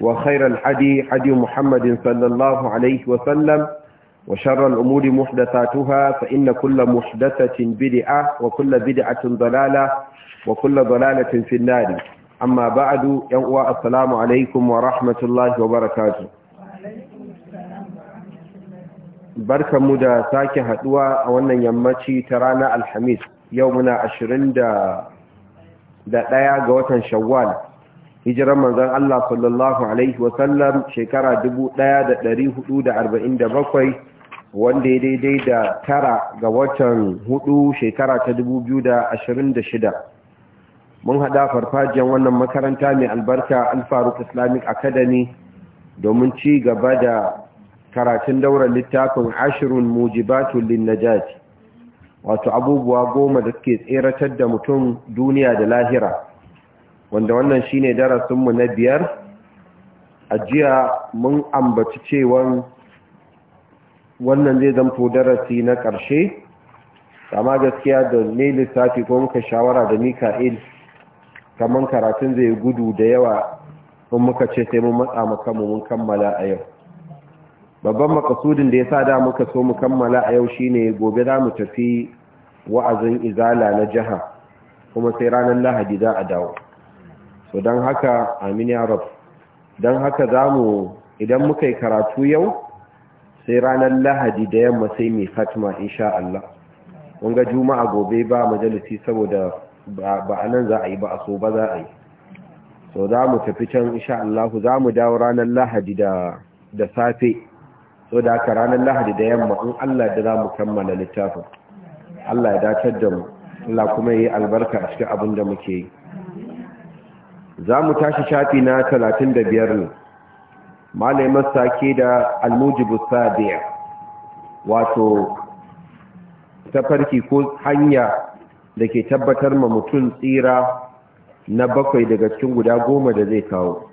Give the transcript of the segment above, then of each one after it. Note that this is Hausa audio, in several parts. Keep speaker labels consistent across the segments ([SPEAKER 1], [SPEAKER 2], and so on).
[SPEAKER 1] وخير الحدي حدي محمد صلى الله عليه وسلم وشر الأمور محدثاتها فإن كل محدثة بدعة وكل بدعة ضلالة وكل ضلالة في النار أما بعد يوء السلام عليكم ورحمة الله وبركاته barka mu da sake haduwa a wannan yammaci ta ranar alhamis yau muna 21 ga watan shawwal hijiran manzon Allah sallallahu alaihi wasallam shekara 1447 wanda ya daidai da tara ga watan hudu shekara ta 2026 mun hada farfajiyar wannan makaranta mai albarka alfaruk islamic academy domin ci gaba da karatun dauran littafin ashirin mujibatun linnajaj wato abubuwa goma da suke tseratar da mutum duniya da lahira wanda wannan shine darasinmu na biyar a jiya mun ambaci cewan wannan zai zamto darasi na ƙarshe amma gaskiya da ne lissafi ko muka shawara da mika'il kamar karatun zai gudu da yawa in muka ce sai mun matsa makamu mun kammala a yau babban makasudin da ya sa da muka so mu kammala a yau shine gobe za mu tafi wa'azin izala na jiha kuma sai ranar lahadi za a dawo so don haka amini ya don haka za mu idan muka yi karatu yau sai ranar lahadi da yamma sai mai fatima insha Allah ga juma'a gobe ba majalisi saboda ba a nan za a yi ba a so ba za a yi so za mu tafi can insha Allah za mu dawo ranar lahadi da safe so da aka ranar lahadi da yamma in Allah da za mu kammala littafin Allah ya dace da mu Allah kuma yi albarka a cikin abin da muke yi za mu tashi shafi na talatin da biyar ne malamin sake da almujibu sadiya wato tafarki ko hanya da ke tabbatar ma mutum tsira na bakwai daga cikin guda goma da zai kawo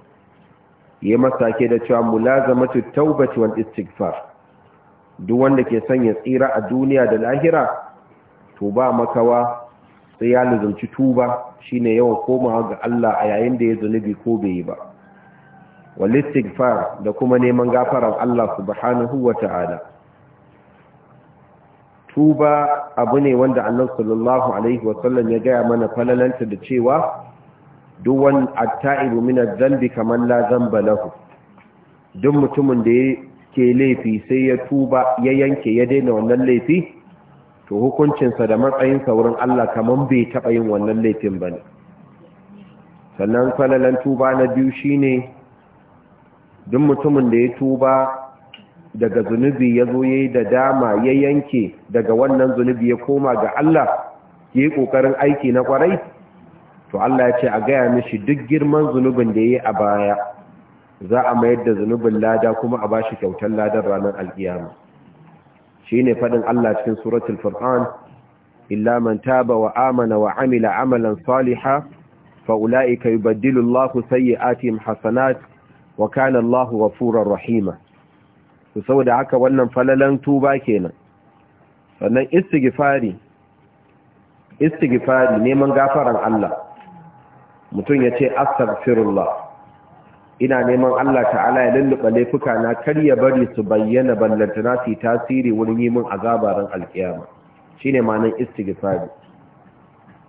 [SPEAKER 1] ya masake da cewa mulazamatu taubati wal istighfar duk wanda ke sanya tsira a duniya da lahira to ba makawa sai ya lizarci tuba shine yawan komawa ga Allah a yayin da ya zunubi ko bai yi ba wal istighfar da kuma neman gafarar Allah subhanahu wata'ala tuba abu ne wanda Allah sallallahu alaihi wasallam ya gaya mana falalanta da cewa duk wani atta'ibu min adh kaman la dhanba lahu duk mutumin da yake laifi sai ya tuba ya yanke ya daina wannan laifi to hukuncinsa da matsayinsa wurin Allah kamar bai taɓa yin wannan laifin ba ne sannan falalan tuba na biyu shi ne, duk mutumin da ya tuba daga zunubi ya zo ya yi da dama ya yanke daga wannan zunubi ya koma ga Allah ya yi ƙoƙarin aiki na ƙwarai to Allah ya ce a gaya mishi duk girman zunubin da ya yi a baya za a mayar da zunubin lada kuma a ba shi kyautar ladar ranar alkiyama ne faɗin Allah cikin suratul furqan illa man taba wa amana wa amila amalan saliha fa ulaika yubaddilu Allahu sayyi'atihim hasanat wa kana Allahu ghafurur rahima to saboda haka wannan falalan tuba kenan sannan istighfari istighfari neman gafaran Allah mutum ya ce astaghfirullah ina neman Allah ta'ala ya lulluɓa laifuka na kar ya bari su bayyana ballantana su tasiri wurin yi min ran alkiyama shine ma'anar istighfari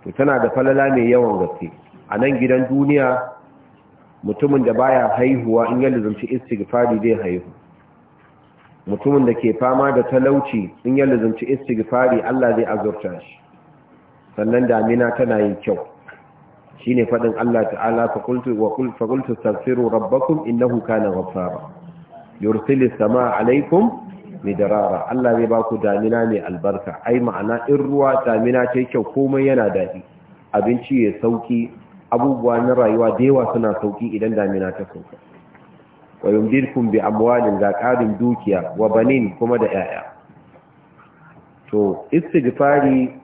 [SPEAKER 1] to tana da falala mai yawan gaske a nan gidan duniya mutumin da baya haihuwa in ya lizumci istighfari zai haihu mutumin da ke fama da talauci in ya lizumci istighfari Allah zai azurta shi sannan damina tana yin kyau shine faɗin Allah ta'ala fa qultu wa qul fa qultu rabbakum innahu kana ghaffara yursilu samaa alaykum rara. Allah zai ba ku damina mai albarka ai ma'ana in ruwa damina ta kyau komai yana dadi abinci ya sauki abubuwa na rayuwa da yawa suna sauki idan damina ta sauka wa yumdirkum bi amwalin ga ƙarin dukiya wa banin kuma da 'ya'ya. to istighfari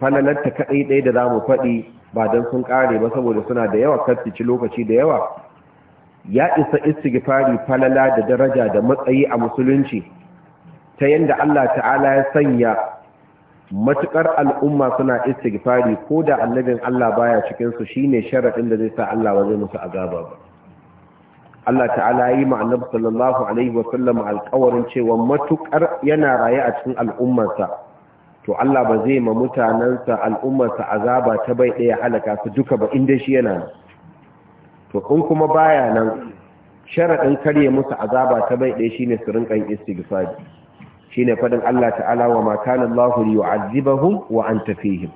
[SPEAKER 1] falalarta kaɗai-ɗaya da zamu faɗi ba don sun kare ba saboda suna da yawa ci lokaci da yawa ya isa istighfari falala da daraja da matsayi a musulunci ta yanda Allah ta'ala ya sanya matukar al'umma suna istighfari ko da annabin Allah baya cikin su shine sharadin da zai sa Allah ba zai musu azaba ba Allah ta'ala yi ma annabi sallallahu alaihi wa sallam alƙawarin cewa matukar yana raye a cikin al'ummarsa to Allah ba zai ma mutanensa al'ummarsa azaba ta bai ɗaya halaka su duka ba inda shi yana to in kuma baya nan sharaɗin karye musu azaba ta bai ɗaya shine su rinƙan istighfari shine faɗin Allah ta'ala wa ma kana Allahu wa an fihim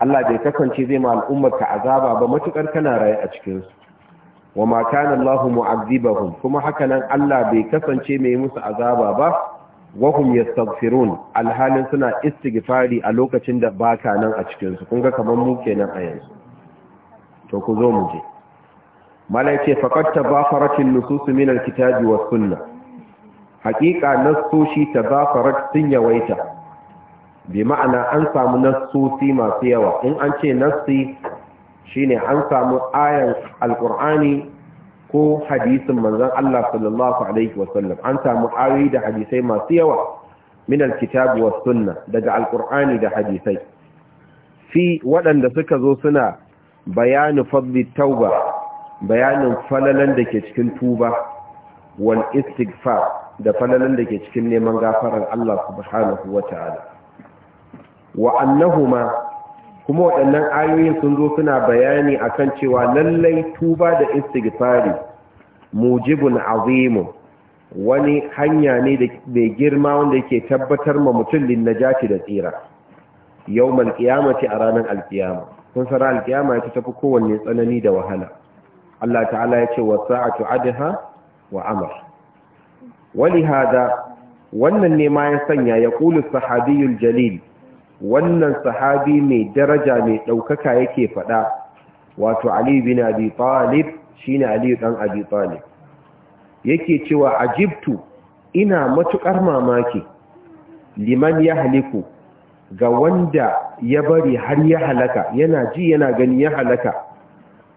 [SPEAKER 1] Allah bai kasance zai ma al'ummarka azaba ba matukar kana raye a cikinsu, wa ma kana Allahu kuma haka nan Allah bai kasance mai musu azaba ba wahum yastaghfirun alhalin suna istighfari a lokacin da baka nan a cikin su kun ga kaman mu kenan a yanzu to ku zo mu je malaike faqat tabafarat an-nusus min al-kitabi wa sunnah haqiqa nasoshi tabafarat sun yawaita bi ma'ana an samu nasosi masu yawa in an ce nassi shine an samu ayan al-qur'ani ko hadisin manzon Allah sallallahu alaihi wasallam an samu ayoyi da hadisai masu yawa min alkitabu wa sunna daga alkur'ani da hadisai fi waɗanda suka zo suna bayanu fadli tauba bayanin falalan da ke cikin tuba wal istighfar da falalan da ke cikin neman gafarar Allah subhanahu wata'ala wa annahuma kuma waɗannan ayoyin sun zo suna bayani akan cewa lallai tuba da istighfari mujibun azimu wani hanya ne da mai girma wanda yake tabbatar ma mutum lin najati da tsira yawmal qiyamati a ranar alkiyama kun sara alkiyama ya tafi kowanne tsanani da wahala Allah ta'ala ya ce wa sa'atu adha wa amr wali hada wannan ne ma ya sanya ya qulu sahabiyul jalil wannan sahabi mai daraja mai ɗaukaka yake faɗa wato Ali bin Abi Talib shine Ali dan Abi Talib yake cewa ajibtu ina matukar mamaki liman ya haliku ga wanda ya bari har ya halaka yana ji yana gani ya halaka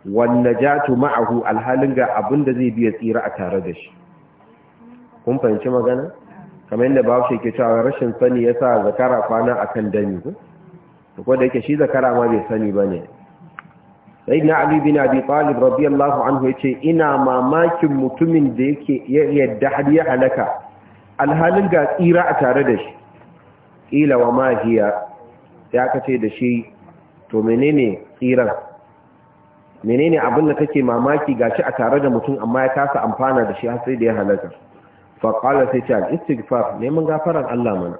[SPEAKER 1] wanne jatu ma'ahu alhalin ga abin da zai biya tsira a tare da shi kun fahimci magana? kamar yadda shi ke cewa rashin sani ya sa zakara kwana a kan dami ko da yake shi zakara ma bai sani ba ne sai na abi bin abi talib radiyallahu anhu ya ce ina mamakin mutumin da yake yadda har ya halaka alhalin ga tsira a tare da shi ƙila wa hiya ya kace da shi to menene tsiran menene abin da kake mamaki gashi a tare da mutum amma ya kasa amfana da shi har sai da ya halaka faƙala sai ce al'istighfar neman gafarar Allah mana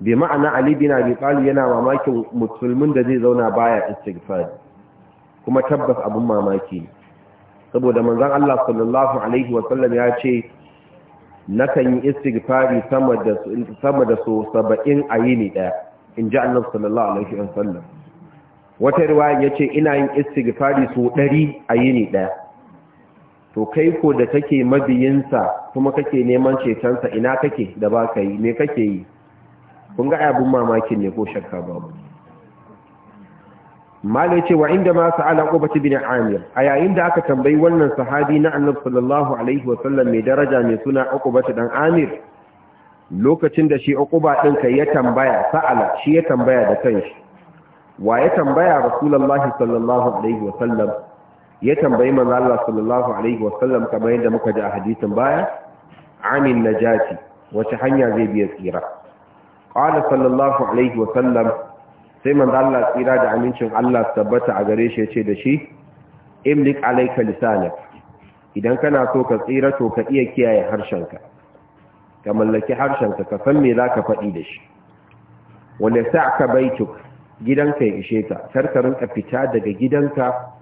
[SPEAKER 1] bi ma'ana Ali bin Abi Talib yana mamakin musulmin da zai zauna baya istighfar kuma tabbas abun mamaki saboda manzon Allah sallallahu alaihi wa sallam ya ce nakan yi istighfari sama da sama da so 70 a yini in inji Allah sallallahu alaihi wa sallam wata riwaya yace ina yin istighfari so 100 a yini daya to kai ko da kake mabiyinsa kuma kake neman cetonsa ina kake da ba ka yi me kake yi kun ga abin mamakin ne ko shakka mu malai ce wa inda ma sa'ala ubati bin amir a yayin da aka tambayi wannan sahabi na annabi sallallahu alaihi wa sallam mai daraja mai suna ubati dan amir lokacin da shi uquba din kai ya tambaya sa'ala shi ya tambaya da kanshi wa ya tambaya rasulullahi sallallahu alaihi wa sallam ya tambayi manzo Allah sallallahu alaihi wasallam kamar yadda muka ji a hadisin baya amin najati wace hanya zai biya tsira qala sallallahu alaihi sallam, sai manzo Allah tsira da amincin Allah tabbata a gare shi yace da shi imlik alayka lisanak idan kana so ka tsira to ka iya kiyaye harshenka ka mallaki harshenka ka san me zaka faɗi da shi wala ka baituk gidanka ya ishe ka karkarin ka fita daga gidanka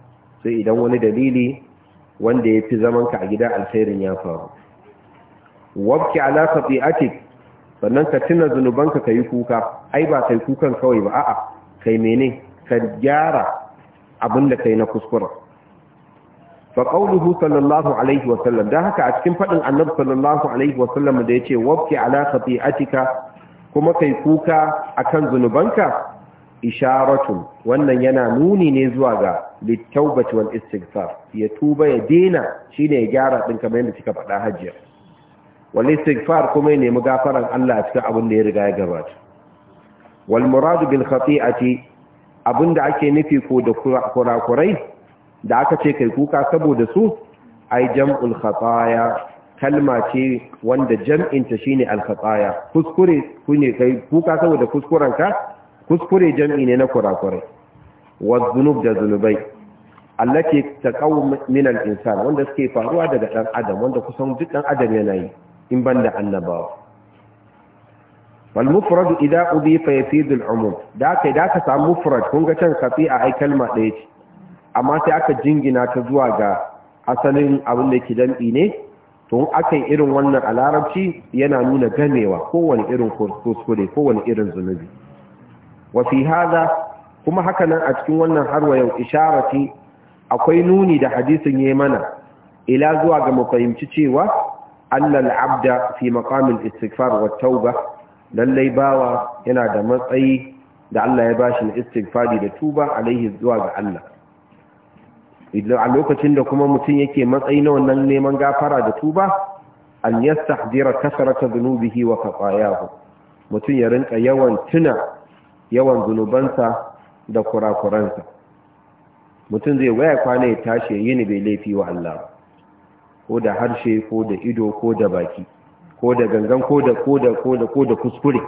[SPEAKER 1] sai idan wani dalili wanda ya fi zamanka a gida alkhairin ya faru wabki ala khati'atik sannan ka tuna zunubanka kai kuka ai ba kai kukan kawai ba a'a kai mene ka gyara abin da kai na kuskura fa qawluhu sallallahu alaihi wa sallam da haka a cikin fadin annabi sallallahu alaihi wa sallam da yace wabki ala khati'atika kuma kai kuka akan zunubanka isharatun wannan yana nuni ne zuwa ga littaubaci wal istighfar ya tuba ya dena ne ya gyara ɗin kamar yadda kika faɗa hajjiyar wal istighfar kuma ya nemi gafaran Allah cikin abin da ya riga ya gabata wal muradu bil khati'ati abinda ake nufi ko da kurakurai da aka ce kai kuka saboda su ai jam'ul khataya kalma ce wanda jam'inta shine al khataya kuskure kune kai kuka saboda kuskurenka kuskure jam'i ne na kurakurai wa zunub da zunubai allake taqawm min al-insan wanda suke faruwa daga dan adam wanda kusan duk dan adam yana yi in banda annabawa wal mufrad idza udifa yafid al-umum da kai da ka samu mufrad kun ga can kafi a kalma maɗaya ce amma sai aka jingina ta zuwa ga asalin abin da ke jam'i ne to aka yi irin wannan a larabci yana nuna gamewa kowane irin kuskure kowane irin zunubi wa fi hada kuma hakanan a cikin wannan harwa yau isharati akwai nuni da hadisin yayi mana ila zuwa ga mu fahimci cewa annal abda fi makamin istighfar wa tauba lallai bawa yana da matsayi da Allah ya bashi na istighfari da tuba alaihi zuwa ga Allah idan a lokacin da kuma mutum yake matsayi na wannan neman gafara da tuba an yastahdira kasrata dhunubihi wa khatayahu mutum ya rinka yawan tuna yawan zunubansa da kurakuransa mutum zai waya kwana ya tashi ya yini bai laifi wa Allah ko da harshe ko da ido ko da baki ko da gangan ko da ko da ko da ko da kuskure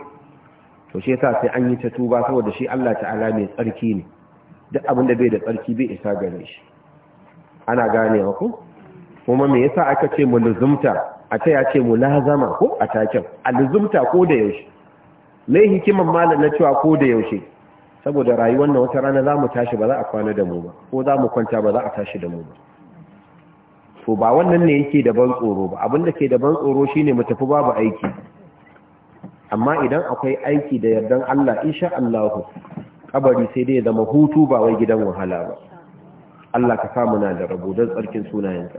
[SPEAKER 1] to shi yasa sai an yi ta tuba saboda shi Allah ta'ala mai tsarki ne duk abin da bai da tsarki bai isa gare shi ana ganewa ku. kuma me yasa aka ce mu luzumta a ta ya ce mu lazama ko a taken a luzumta ko da yaushe mai hikiman malam na cewa ko da yaushe saboda rayuwar na wata rana za mu tashi ba za a kwana da mu ba ko za mu kwanta ba za a tashi da mu ba to ba wannan ne yake da ban tsoro ba abin da ke da ban tsoro shine mu tafi babu aiki amma idan akwai aiki da yardan Allah insha Allah kabari sai dai zama hutu ba wai gidan wahala ba Allah ka samu na da rabo don tsarkin sunayenka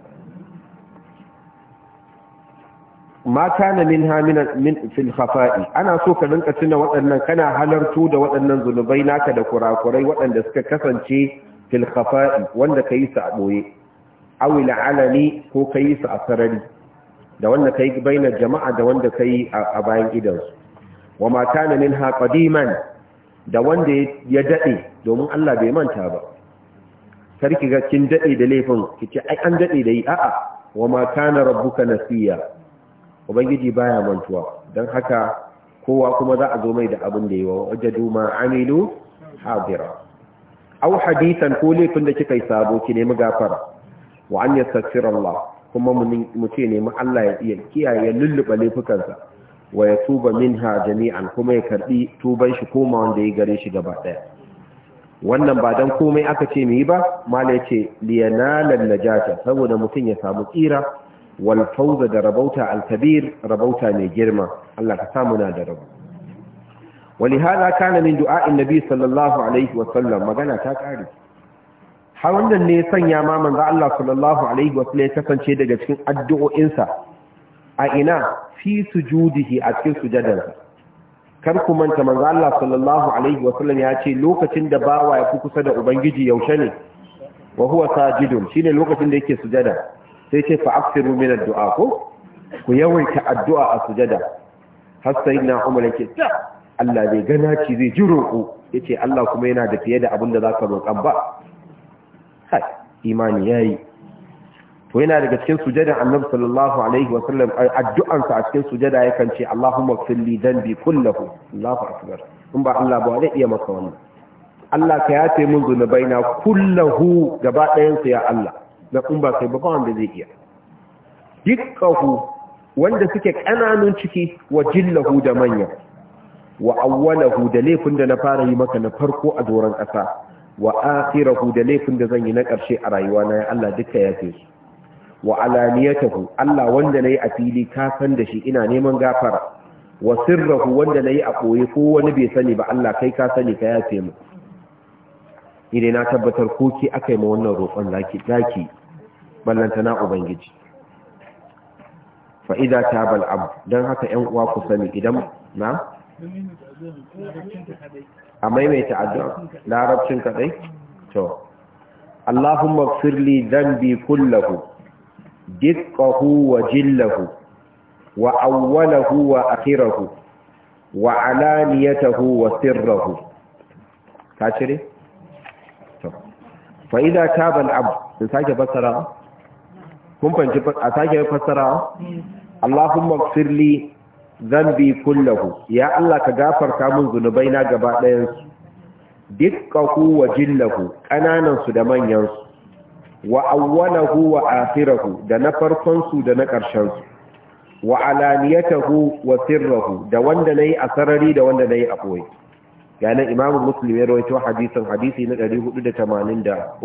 [SPEAKER 1] ma kana minha min fil khafa'i ana so ka rinka tuna waɗannan kana halartu da waɗannan zunubai naka da kurakurai waɗanda suka kasance fil khafa'i wanda kai su a boye aw il alani ko kai su a sarari da wanda kai bainar jama'a da wanda kai a bayan su. wa ma kana ha qadiman da wanda ya dade domin Allah bai manta ba sarki ga kin dade da laifin kici ai an dade da yi a'a wa ma kana rabbuka nasiya ubangiji baya mantuwa don haka kowa kuma za a zo mai da abin da yi wa wajadu ma amilu hadira aw hadisan ko laifin da kika sabo ki nemi gafara wa an yastaghfir Allah kuma mu ce nemi Allah ya iya kiyaye lulluba laifukansa wa ya tuba minha jami'an kuma ya karɓi tuban shi koma wanda ya gare shi gaba daya wannan ba dan komai aka ce mu yi ba mala yace liyanala najata saboda mutum ya samu tsira wal da rabauta Alkabir, rabauta mai girma Allah ka samu na da rabu ولهذا كان من دعاء النبي صلى الله عليه وسلم magana ta kare har wannan ne sanya ma manzo Allah sallallahu alaihi wasallam ya kasance daga cikin addu'o'insa a ina fi sujudihi a cikin sujadarsa kar ku manta manzo Allah sallallahu alaihi wasallam ya ce lokacin da bawa ya fi kusa da ubangiji yaushe ne wa huwa sajidun shine lokacin da yake sujada sai ce fa afsiru min addu'a ko ku yawaita addu'a a sujada har na Umar yake ta Allah bai gana ki zai ji roƙo Ya ce Allah kuma yana da fiye da abin da ka roƙan ba kai imani yi. to yana daga cikin sujada Annabi sallallahu alaihi wa sallam addu'an a cikin sujada ya kan ce Allahumma fil li dhanbi kullahu Allahu akbar in ba Allah ba zai iya maka wannan Allah ka yafe min zunubaina kullahu gaba ɗayan ya Allah da kun ba kai ba wanda zai iya dukkahu wanda suke ƙananun ciki wa jillahu da manya wa awwalahu da laifin da na fara yi maka na farko a doron ƙasa wa akhirahu da laifin da zan yi na ƙarshe a rayuwa na Allah duka ya fi wa alaniyatahu Allah wanda nayi a fili ka san da shi ina neman gafara wa sirrahu wanda nayi a koyi ko wani bai sani ba Allah kai ka sani ka yafe mu Idan na tabbatar ko ki akai ma wannan roƙon zaki zaki Ballanta na ubangiji fa'ida ta bal'ab don haka ‘yan uwa ku sami idan na? a maimaita addu'a larabcin kaɗai? to Allahumma firli zan zambi kullahu dikkahu wa jillahu wa awwalahu wa akhirahu wa alaniyatahu wa sirrahu ka cire? to fa'ida ta bal'ab sun sake basara kun fanci a sake fassara Allahumma gfirli zambi kullahu ya Allah ka gafarta zunubai zunubaina gaba ɗayan su dukkahu wa jillahu kananan su da manyan su wa awwalahu wa akhirahu da na farkon su da na karshen su wa alaniyatahu wa sirrahu da wanda nayi a sarari da wanda nayi a koyi Yanan imamu muslim ya rawaito hadisin hadisi na 483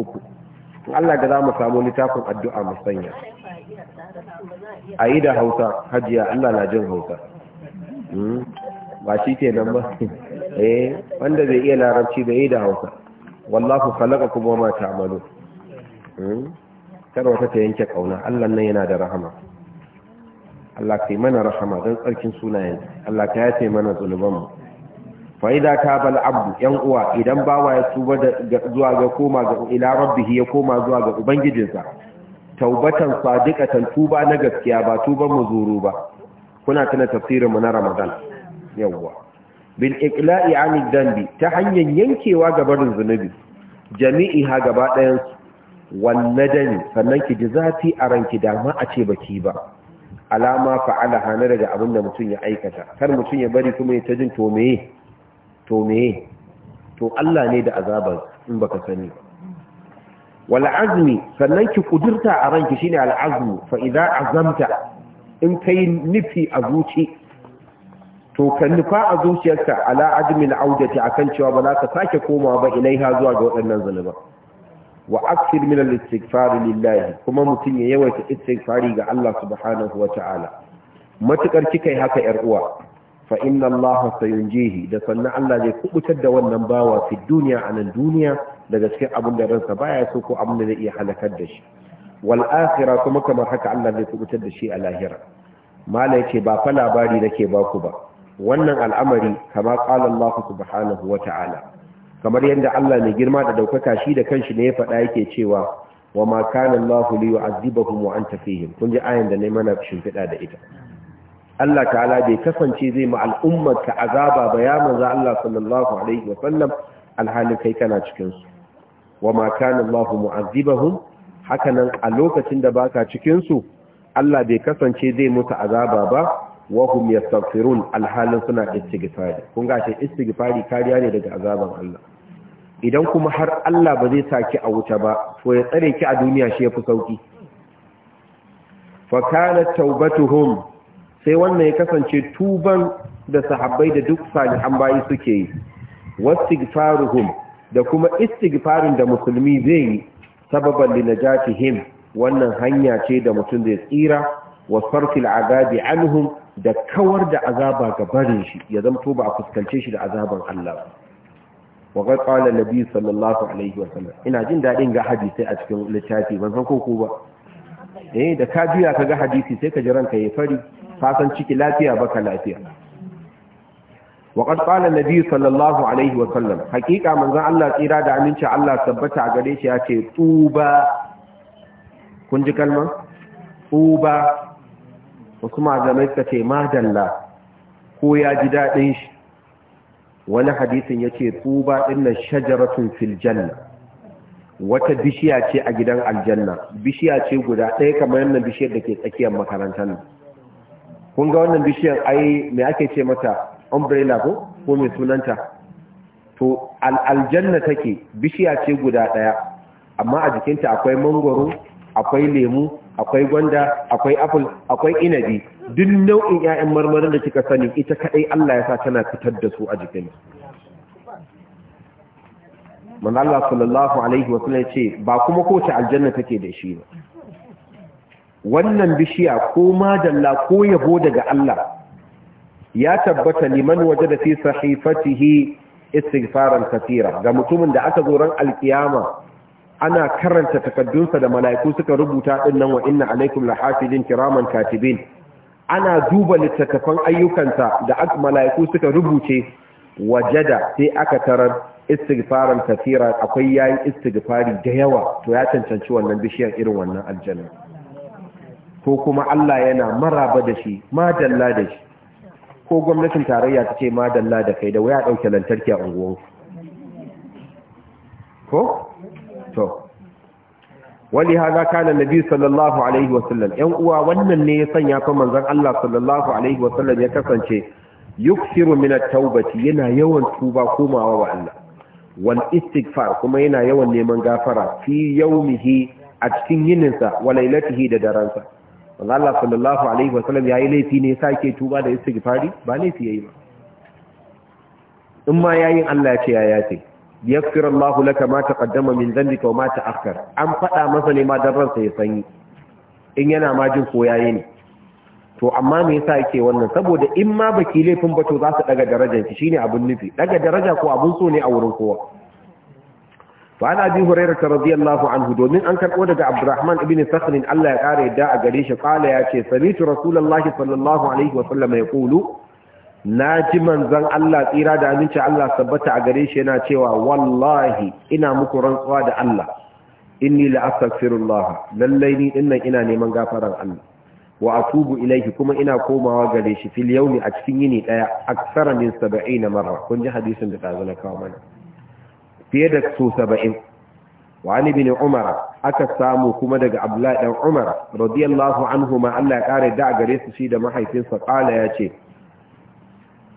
[SPEAKER 1] in Allah da za mu samu littafin addu'a mu sanya a yi da hausa hajiya Allah na jin hausa hmm? ba shi ke nan ba eh wanda zai iya larabci da yi da hausa wallahu khalaqa kuma ma amalu. Hmm? kar wata ta yanke kauna Allah nan yana da rahama Allah ka yi mana rahama don tsarkin sunayen Allah ka yace mana zulubanmu faida ta bal abdu yan uwa idan bawa ya tuba zuwa ga koma ga ila rabbihi ya koma zuwa ga ubangijinsa taubatan sadiqatan tuba na gaskiya ba tuban muzuru ba kuna tana tafsirin mu na ramadan yawwa bil iqla'i an ta hanyar yankewa ga barin zunubi jami'i ha gaba ɗayan walladani sannan ki ji zafi a ranki dama a ce baki ba alama fa'ala hana daga abinda mutum ya aikata kar mutum ya bari kuma ya ta jin to to meye to Allah ne da azabar in baka sani wal azmi sannan ki kudurta a ranki shine al azmu fa idza azamta in kai nufi a zuci to kan nufa a zuciyarka ala azmi al audati akan cewa ba za ka sake komawa ba ilaiha zuwa ga waɗannan zanuba wa akthir min al istighfar lillahi kuma mutun ya yawaita istighfari ga Allah subhanahu wa ta'ala matukar kika yi haka yar uwa fa inna Allah sayunjihi da sannan Allah zai kubutar da wannan bawa fi duniya a nan duniya daga cikin abin da ransa baya so ko abin da zai iya halakar da shi wal akhirah kuma kamar haka Allah zai kubutar da shi a lahira mala yake ba fa labari nake ba ku ba wannan al'amari kama qala Allah subhanahu wa ta'ala kamar yadda Allah mai girma da daukaka shi da kanshi ne ya faɗa yake cewa wa ma kana Allah li yu'azzibahum wa anta fihim kun ji ayan da ne mana shimfiɗa da ita Allah ta'ala bai kasance zai ma al'ummar ka azaba ba ya manzo Allah sallallahu alaihi wa sallam alhalin kai kana cikin su wa ma kana Allah mu'azzibahum hakanan a lokacin da baka cikin su Allah bai kasance zai musu azaba ba wa hum yastaghfirun alhalin suna istighfari kun ga shi istighfari kariya ne daga azaban Allah idan kuma har Allah ba zai saki a wuta ba to ya tsare ki a duniya shi ya fi sauki fa kanat taubatuhum sai wannan ya kasance tuban da sahabbai da duk salihan bayi suke yi wastighfaruhum da kuma istighfarin da musulmi zai yi sababan linajatihim wannan hanya ce da mutum zai tsira wa sarfil azabi anhum da kawar da azaba ga barin shi ya zamto ba a fuskance shi da azaban Allah wa qad qala nabi sallallahu alaihi wa sallam ina jin dadin ga hadisi a cikin littafi ban san ko ko ba eh da ka biya ka ga hadisi sai ka ji ranka yayi fari Kasan ciki lafiya baka lafiya waƙad ƙala nabi sallallahu alaihi wasallam hakika manzan Allah tsira da aminci Allah tabbata a gare shi ya ce tsuba kun ji kalman? tsuba wasu mazamai suka ce madalla ko ya ji daɗin shi wani hadisin ya ce tsuba ɗinnan shajaratun filjanna wata bishiya ce a gidan aljanna bishiya ce guda ɗaya kamar yadda bishiyar da ke tsakiyar makarantar nan kun ga wannan bishiyar ai me ake ce mata umbrella ko ko mai sunanta to aljanna take bishiya ce guda daya amma a jikinta akwai mangoro akwai lemu akwai gwanda akwai apple akwai inabi duk nau'in ƴaƴan marmarin da kika sani ita kadai Allah ya sa tana fitar da su a jikinta manzo Allah sallallahu alaihi wa sallam ce ba kuma kowace aljanna take da shi ba wannan bishiya ko madalla ko yabo daga Allah ya tabbata liman waje da fi sahifatihi istighfaran katira ga mutumin da aka zo ran alkiyama ana karanta takaddunsa da mala'iku suka rubuta din nan wa inna alaikum lahafizin kiraman katibin ana duba littattafan ayyukansa da mala'iku suka rubuce wajada sai aka tarar istighfaran katira akwai yayin istighfari da yawa to ya cancanci wannan bishiyar irin wannan aljanna ko kuma Allah yana maraba da shi madalla da shi ko gwamnatin tarayya ta ce madalla da kai da waya ɗauke lantarki a unguwanku ko? to wani haza kana nabi sallallahu alaihi wasallam ‘yan uwa wannan ne ya sanya fa manzan Allah sallallahu alaihi wasallam ya kasance yuksiru min taubati yana yawan tuba komawa wa Allah wal istighfar kuma yana yawan neman gafara fi yaumihi a cikin yininsa wa lailatihi da daransa wanda Allah sallallahu alaihi wasallam yi laifi ne a ke tuba da gifari ba laifi ya yi ba in ma yayin Allah ya ce ya yace yaghfir Allah laka ma kaddama min dhanbika wa ma ta'akhkhar an faɗa masa ne ma don ransa ya sanyi in yana ma jin ko yi ne to amma me yasa ke wannan saboda in ma baki laifin ba to za su daga darajar ki ne abin nufi daga daraja ko abin so ne a wurin kowa fa abi bi hurairah radiyallahu anhu domin an karbo daga abdurrahman ibn sakhrin Allah ya kare yadda a gare shi qala ya ce sami'tu rasulullahi sallallahu alaihi wa sallam yaqulu na ji manzan Allah tsira da aminci Allah sabbata a gare shi yana cewa wallahi ina muku rantsuwa da Allah inni la astaghfirullah lallai ni dinnan ina neman gafaran Allah wa atubu ilaihi kuma ina komawa gare shi fil yawmi a cikin yini daya aksara min 70 marra kun ji hadisin da ta zana kawo mana fiye da so saba'in wani bin umara aka samu kuma daga abdullahi dan umara radiyallahu anhu ma Allah ya kare da gare su shi da mahaifinsa kala ya ce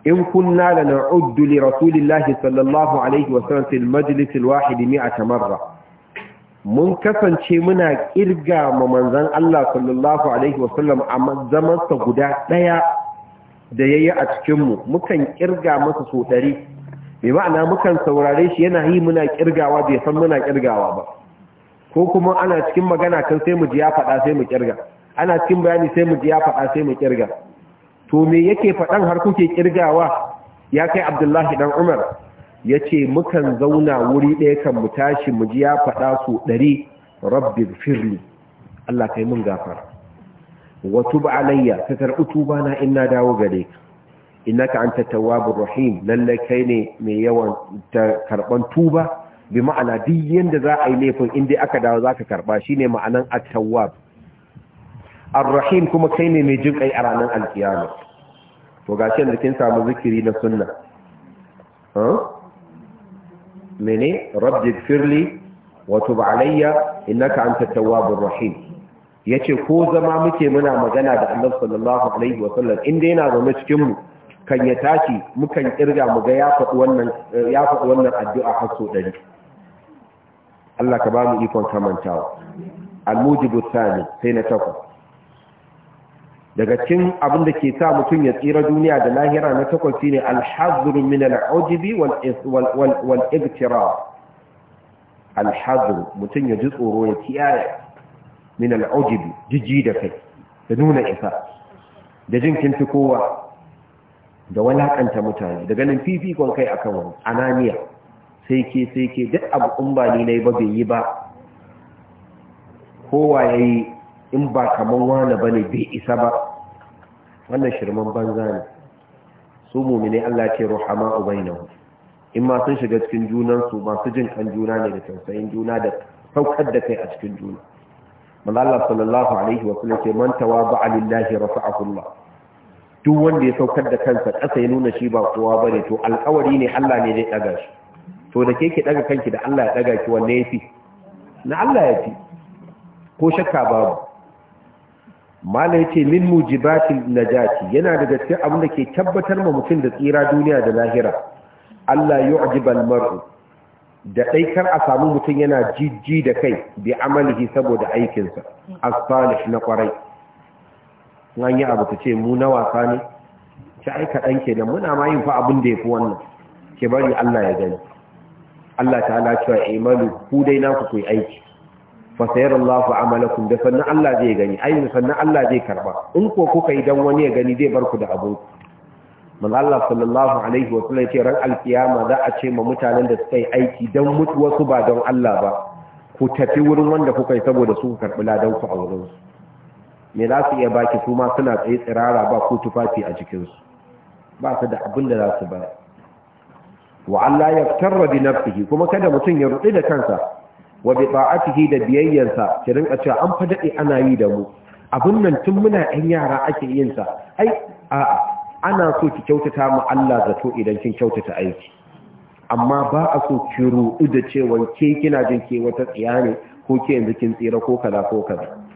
[SPEAKER 1] in kunna da na'uddu li rasulillahi sallallahu alaihi wa sallam fil majlis al wahid a tamarra. mun kasance muna kirga ma manzan Allah sallallahu Alaihi wasallam a zamansa guda ɗaya da ya yi a cikinmu mukan kirga masa so ɗari bai ma'ana mukan saurare shi yana yi muna kirgawa bai san muna kirgawa ba ko kuma ana cikin magana kan sai mu ji ya faɗa sai mu kirga ana cikin bayani sai mu ji ya faɗa sai mu kirga to me yake faɗan har kuke kirgawa ya kai abdullahi dan umar ya ce mukan zauna wuri ɗaya kan mu tashi mu ji ya faɗa su ɗari rabbi firli Allah kai mun gafara wa tub alayya ka karɓi tuba na in na dawo gare ka innaka anta tawwabur rahim lalle kai ne mai yawan karban tuba bi ma'ana duk yanda za a yi laifin inda aka dawo zaka karba shine ma'anan at-tawwab ar-rahim kuma kai ne mai jin kai a ranar alkiyama to gashi da kin samu zikiri na sunna mene rabbi firli wa tub alayya innaka anta tawwabur rahim ya ce ko zama muke muna magana da annabi sallallahu alaihi wa sallam inda yana zama cikinmu kan ya tashi mukan kirga mu ga ya faɗi wannan ya faɗi wannan addu'a har so ɗari Allah ka ba mu ikon kamantawa al-mujibu tsani sai na takwas daga cikin abin da ke sa mutum ya tsira duniya da lahira na takwas shine al-hazru min al-ujibi wal wal wal mutum ya ji tsoro ya kiyaye min al da kai da nuna isa da jin kinci da walakanta mutane da ganin fifikon kai akan wani ananiya sai ke sai ke duk abu in ba ni nayi ba bai yi ba kowa yi in ba kaman wani bane bai isa ba wannan shirman banza ne su mu'mini Allah ce na bainahum in ma sun shiga cikin junansu, masu jin kan juna ne da tausayin juna da saukar da kai a cikin juna manzo Allah sallallahu alaihi wa sallam ce man tawaba lillahi rafa'ahu Allah duk wanda ya saukar da kansa ƙasa ya nuna shi ba kowa bane to alƙawari ne Allah ne zai ɗaga shi to da ke ke ɗaga kanki da Allah ya ɗaga ki wanne ya fi? na Allah ya fi, ko shakka babu mala yace min mujibatil najati yana da gaske abin da ke tabbatar ma mutum da tsira duniya da lahira Allah yu'jibal mar'u da dai kar a samu mutum yana jijji da kai bi amalihi saboda aikinsa as-salih na kwarai an yi abu ta ce mu na wasa ne ta aika ɗan ke nan muna ma yin fa abin da ya fi wannan ke bari Allah ya gani Allah ta ala cewa imalu eh, ku dai naku ku aiki fa sayar Allah ku amalakum da sannan Allah zai gani ayin sannan Allah zai karba in ko kuka yi dan wani ya gani zai bar ku da abu man Allah sallallahu alaihi wa sallam ce ran alkiyama za a ce ma mutanen da suka yi aiki dan mutuwa su ba don Allah ba ku tafi wurin wanda kuka yi saboda su karɓi ladan ku a wurin su me za su iya baki su suna tsaye tsirara ba ko tufafi a jikinsu ba su da abin da za su bayar wa Allah ya tarra bi nafsihi kuma kada mutum ya rudi da kansa wa bi ta'atihi da biyayyarsa ki rinka cewa an fa dade ana yi da mu abun nan tun muna ɗan yara ake yin sa ai a'a ana so ki kyautata mu Allah zato idan kin kyautata aiki amma ba a so ki rudu da cewa ke kina jin ke wata tsiya ne ko ke yanzu kin tsira ko kaza ko kaza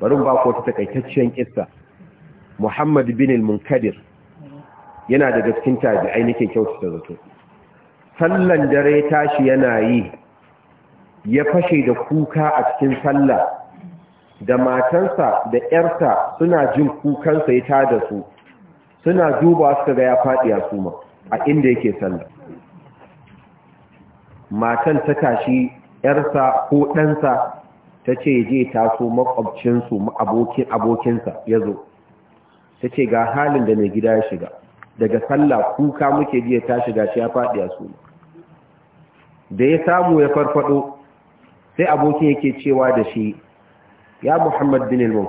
[SPEAKER 1] bari ba ko ta takaitaccen kissa Muhammad bin al-Munkadir yana daga cikin tabi'ai nake kyautata zato sallan dare tashi yana yi ya fashe da kuka a cikin sallah da matansa da ƴarsa suna jin kukansa ya da su suna duba suka ga ya faɗi a suma a inda yake sallah matan ta tashi ƴarsa ko ɗansa ta ce je taso makwabcinsu abokinsa ya zo ta ce ga halin da mai gida ya shiga daga sallah kuka muke jiya ta shiga shi ya faɗi a suna da ya samu ya farfaɗo, sai abokin yake cewa da shi ya muhammad bin al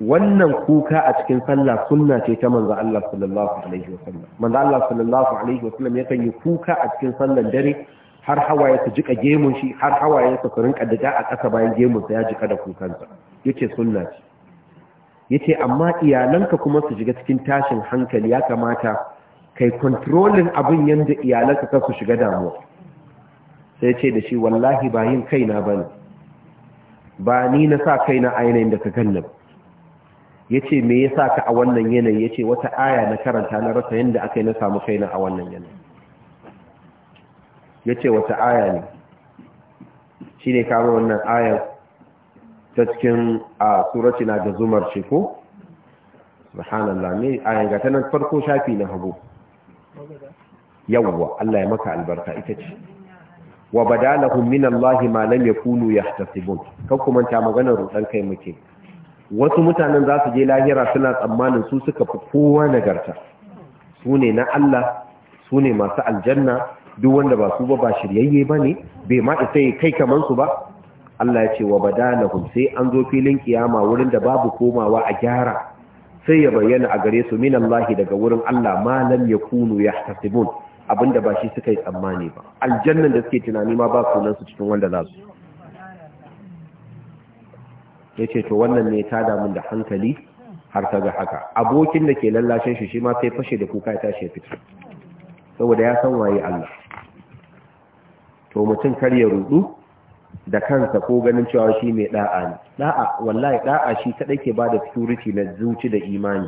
[SPEAKER 1] wannan kuka a cikin sallah sunna ce ta manzo Allah sallallahu alaihi wasallam manzo Allah sallallahu alaihi wasallam yakan yi kuka a cikin sallan dare har hawaye su jika gemun shi har hawaye su rinka daga a ƙasa bayan gemun sa ya jika da kukansa yace sunna ce yace amma iyalanka kuma su shiga cikin tashin hankali ya kamata kai controlling abin yanda iyalanka ka su shiga damuwa sai ce da shi wallahi ba yin kaina bane ba ni na sa kaina a yanayin da ka ganna ba yace me yasa ka a wannan yanayi yace wata aya na karanta na rasa yadda aka na samu kaina a wannan yanayi Ya ce wata aya ne Shi ne kama wannan aya ta cikin a surati na da zumar ce ko subhanallah ne ta nan farko shafi na hagu yawwa Allah ya maka albarka ita ce wa badalahum min Allah ma lam ya yahtasibun kan kuma ta maganar rudan kai muke wasu mutanen za su je lahira suna tsammanin su suka fi kowa nagarta su ne na Allah su ne masu aljanna duk wanda ba su ba ba shiryayye ba ne bai ma isa yi kai kamar su ba Allah ya ce wa badalahum sai an zo filin kiyama wurin da babu komawa a gyara sai ya bayyana a gare su min Allah daga wurin Allah ma lam yakunu yahtasibun abinda ba shi suka yi tsammani ba aljannan da suke tunani ma ba sunan su cikin wanda za su yace to wannan ne ta da mun da hankali har ta ga haka abokin da ke lallashin shi shi ma sai fashe da kuka ya tashi ya fita saboda ya san waye Allah to mutum kar ya rudu da kansa ko ganin cewa shi mai da'a ne da'a wallahi da'a shi kadai ke bada security na zuci da imani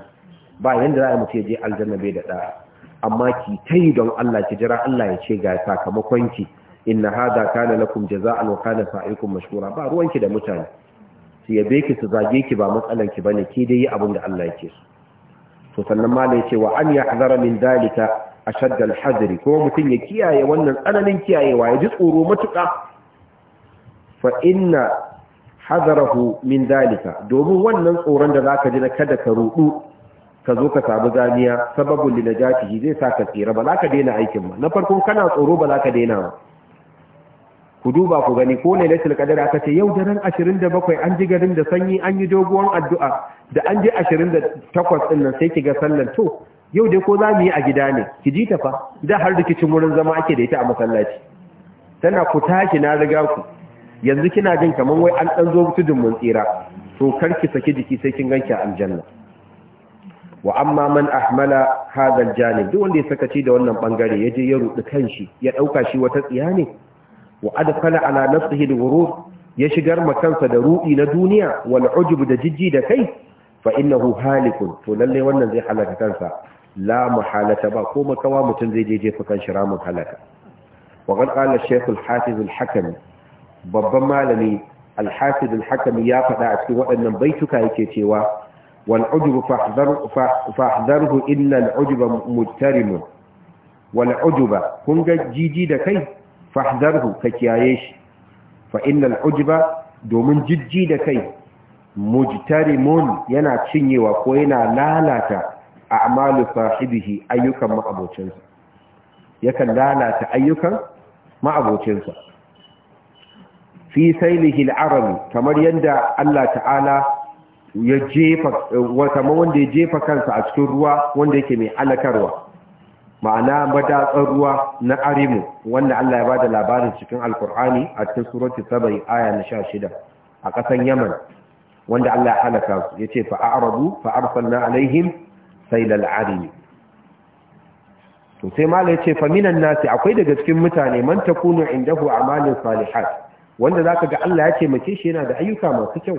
[SPEAKER 1] ba yanda za a mutum ya je aljanna bai da da'a amma ki tai don Allah ki jira Allah ya ce ga sakamakon ki inna hadha kana lakum jaza'an wa kana fa'ikum mashkura ba ruwan ki da mutane su yabe ki su zage ki ba matsalan ki bane ki dai abin da Allah yake so to sannan ya cewa wa an yahzara min dalika A shaddar hadari kuma mutum ya kiyaye wannan tsananin kiyayewa ya ji tsoro matuka? fa inna hadarahu min dalika domin wannan tsoron da zaka ji na kada ka rudu ka zo ka samu zaniya lina linajatihi zai sa ka tsira ba ka daina aikin ba na farko kana tsoro ba ka daina ba ku duba ku gani ko ne lailatul qadar aka ce yau daren 27 an ji garin da sanyi an yi doguwan addu'a da an ji 28 din nan sai kiga sallar to yau dai ko za mu yi a gida ne ki ji ta fa da har rikicin wurin zama ake da ita a masallaci tana ku tashi na riga ku yanzu kina jin kamar wai an ɗan zo tudun mun tsira to kar ki saki jiki sai kin ganki a aljanna wa amma man ahmala hadha aljanib duk wanda ya sakaci da wannan bangare ya je ya rudi kanshi ya dauka shi wata tsiya ne wa adkhala ala nafsihi alghurur ya shigar ma kansa da ruɗi na duniya wal ujub da jijji da kai fa innahu halikun to lalle wannan zai halaka kansa la muhalata ba ko makawa mutum zai je jefa kan shira mun halaka wa qad qala hakami babban malami al hakami ya faɗa a cikin waɗannan baituka yake cewa wal ujub fahdharhu inna al-ujuba mujtarim kun ga jiji da kai fahdharhu ka kiyaye shi fa inna al domin jijji da kai mujtarimun yana cinyewa ko yana lalata a amalu sahibihi ayyukan ma'abocinsa yakan lalata ayyukan ma'abocinsa fi sailihi al'arami kamar yadda Allah ta'ala ya jefa wanda ya jefa kansa a cikin ruwa wanda yake mai alakarwa ma'ana madatsar ruwa na arimu wanda Allah ya bada labarin cikin alkur'ani a cikin surati sabai aya na sha shida a ƙasan yaman wanda Allah ya halaka su ya ce fa'arabu fa'arsalna alaihim sai al-arim to sai malai ce fa minan nasi akwai daga cikin mutane man takunu indahu amalin salihat wanda zaka ga Allah ya mace shi yana da ayyuka masu kyau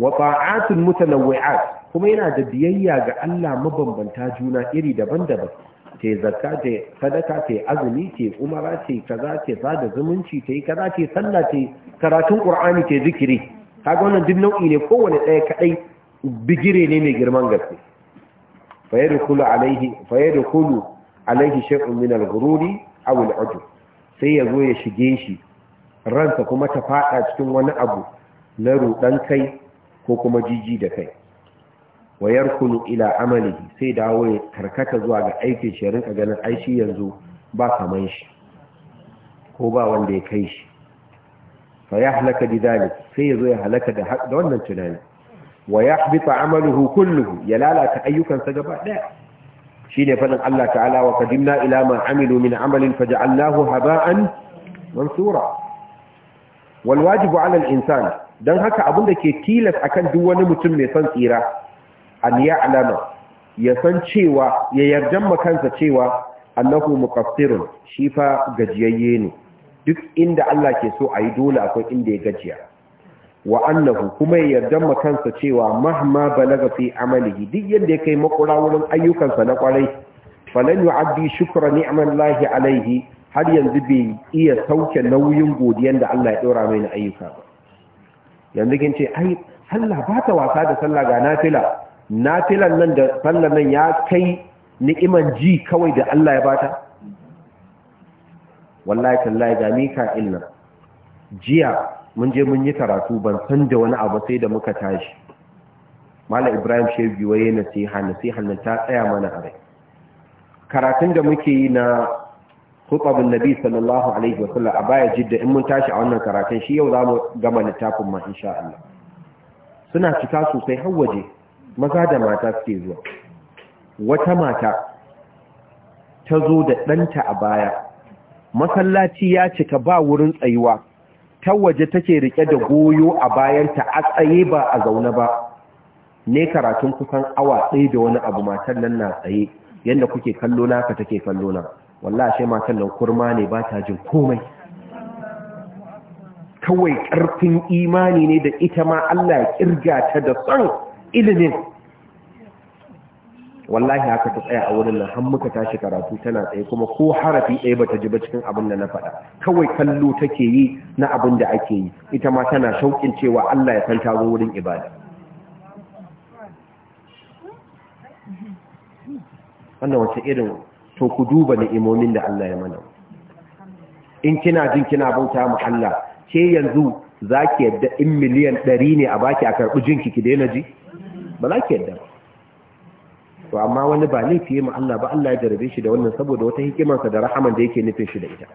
[SPEAKER 1] wa ta'atun mutanawwi'at kuma yana da biyayya ga Allah mabambanta juna iri daban-daban ce zakka ce sadaka ce azumi ce umara ce kaza ce sada zumunci ce kaza ce sallah ce karatun qur'ani ce zikiri kaga wannan duk nau'i ne kowanne ɗaya kadai bigire ne mai girman gaske fayadkhulu alaihi fayadkhulu alaihi shay'un min al-ghururi aw al-ujub sai yazo ya shige shi ransa kuma ta fada cikin wani abu na rudan kai ko kuma jiji da kai wayar kunu ila amalihi sai dawo ya karkata zuwa ga aikin shi rinka ganin aishi yanzu ba kaman shi ko ba wanda ya kai shi fa ya halaka sai ya zo ya halaka da wannan tunanin. wa yahbita amaluhu kulluhu ya lalata ayyukansa gaba Shi shine fadin Allah ta'ala wa qadimna ila ma amilu min amalin Allahu haba'an mansura wal wajibu 'ala al-insan haka abin da ke tilas akan duk wani mutum mai son tsira an alama ya san cewa ya yarda kansa cewa annahu muqassirun shi fa gajiyayye ne duk inda Allah ke so ayi dole akwai inda ya gajiya wa annahu kuma ya yarda ma kansa cewa mahma balaga fi amalihi duk yadda ya kai makura wurin ayyukansa na kwarai falan yu'addi shukra lahi alaihi har yanzu bai iya sauke nauyin godiyan da Allah ya dora mai na ayyuka ba yanzu kin ce ai Allah ba ta wasa da sallah ga nafila nafilan nan da sallan nan ya kai ni'iman ji kawai da Allah ya bata wallahi tallahi ga mika illa. jiya mun je mun yi karatu ban san da wani abu sai da muka tashi Malam Ibrahim Shehu waye nasiha nasiha na ta tsaya mana a rai karatun da muke yi na hutsabin nabi sallallahu alaihi wasallam a baya jidda in mun tashi a wannan karatun shi yau za mu gama littafin ma insha Allah suna cika sosai har waje maza da mata suke zuwa wata mata ta zo da ɗanta a baya masallaci ya cika ba wurin tsayuwa ta waje take rike da goyo a bayanta a tsaye ba a zaune ba ne karatun kusan awa ɗaya da wani abu matan nan na tsaye yadda kuke kallo na ka take kallo na wallahi shi matan nan kurma ne ba ta jin komai kawai ƙarfin imani ne da ita ma Allah ya kirga ta da son ilimin wallahi haka ta tsaya a wurin nan har muka tashi karatu tana tsaye kuma ko harafi ɗaya bata ji ba cikin abin da na faɗa kawai kallo take yi na abin da ake yi ita ma tana shauƙin cewa Allah ya san ta zo wurin ibada wannan wace irin to ku duba ni'imomin da Allah ya mana in kina jin kina bauta mu Allah ke yanzu zaki yadda in miliyan 100 ne a baki a karɓi jinki ki daina ji ba za ki yadda ba to amma wani ba laifi ya Allah ba Allah ya jarabe shi da wannan saboda wata hikimarsa da rahaman da yake nufin shi da ita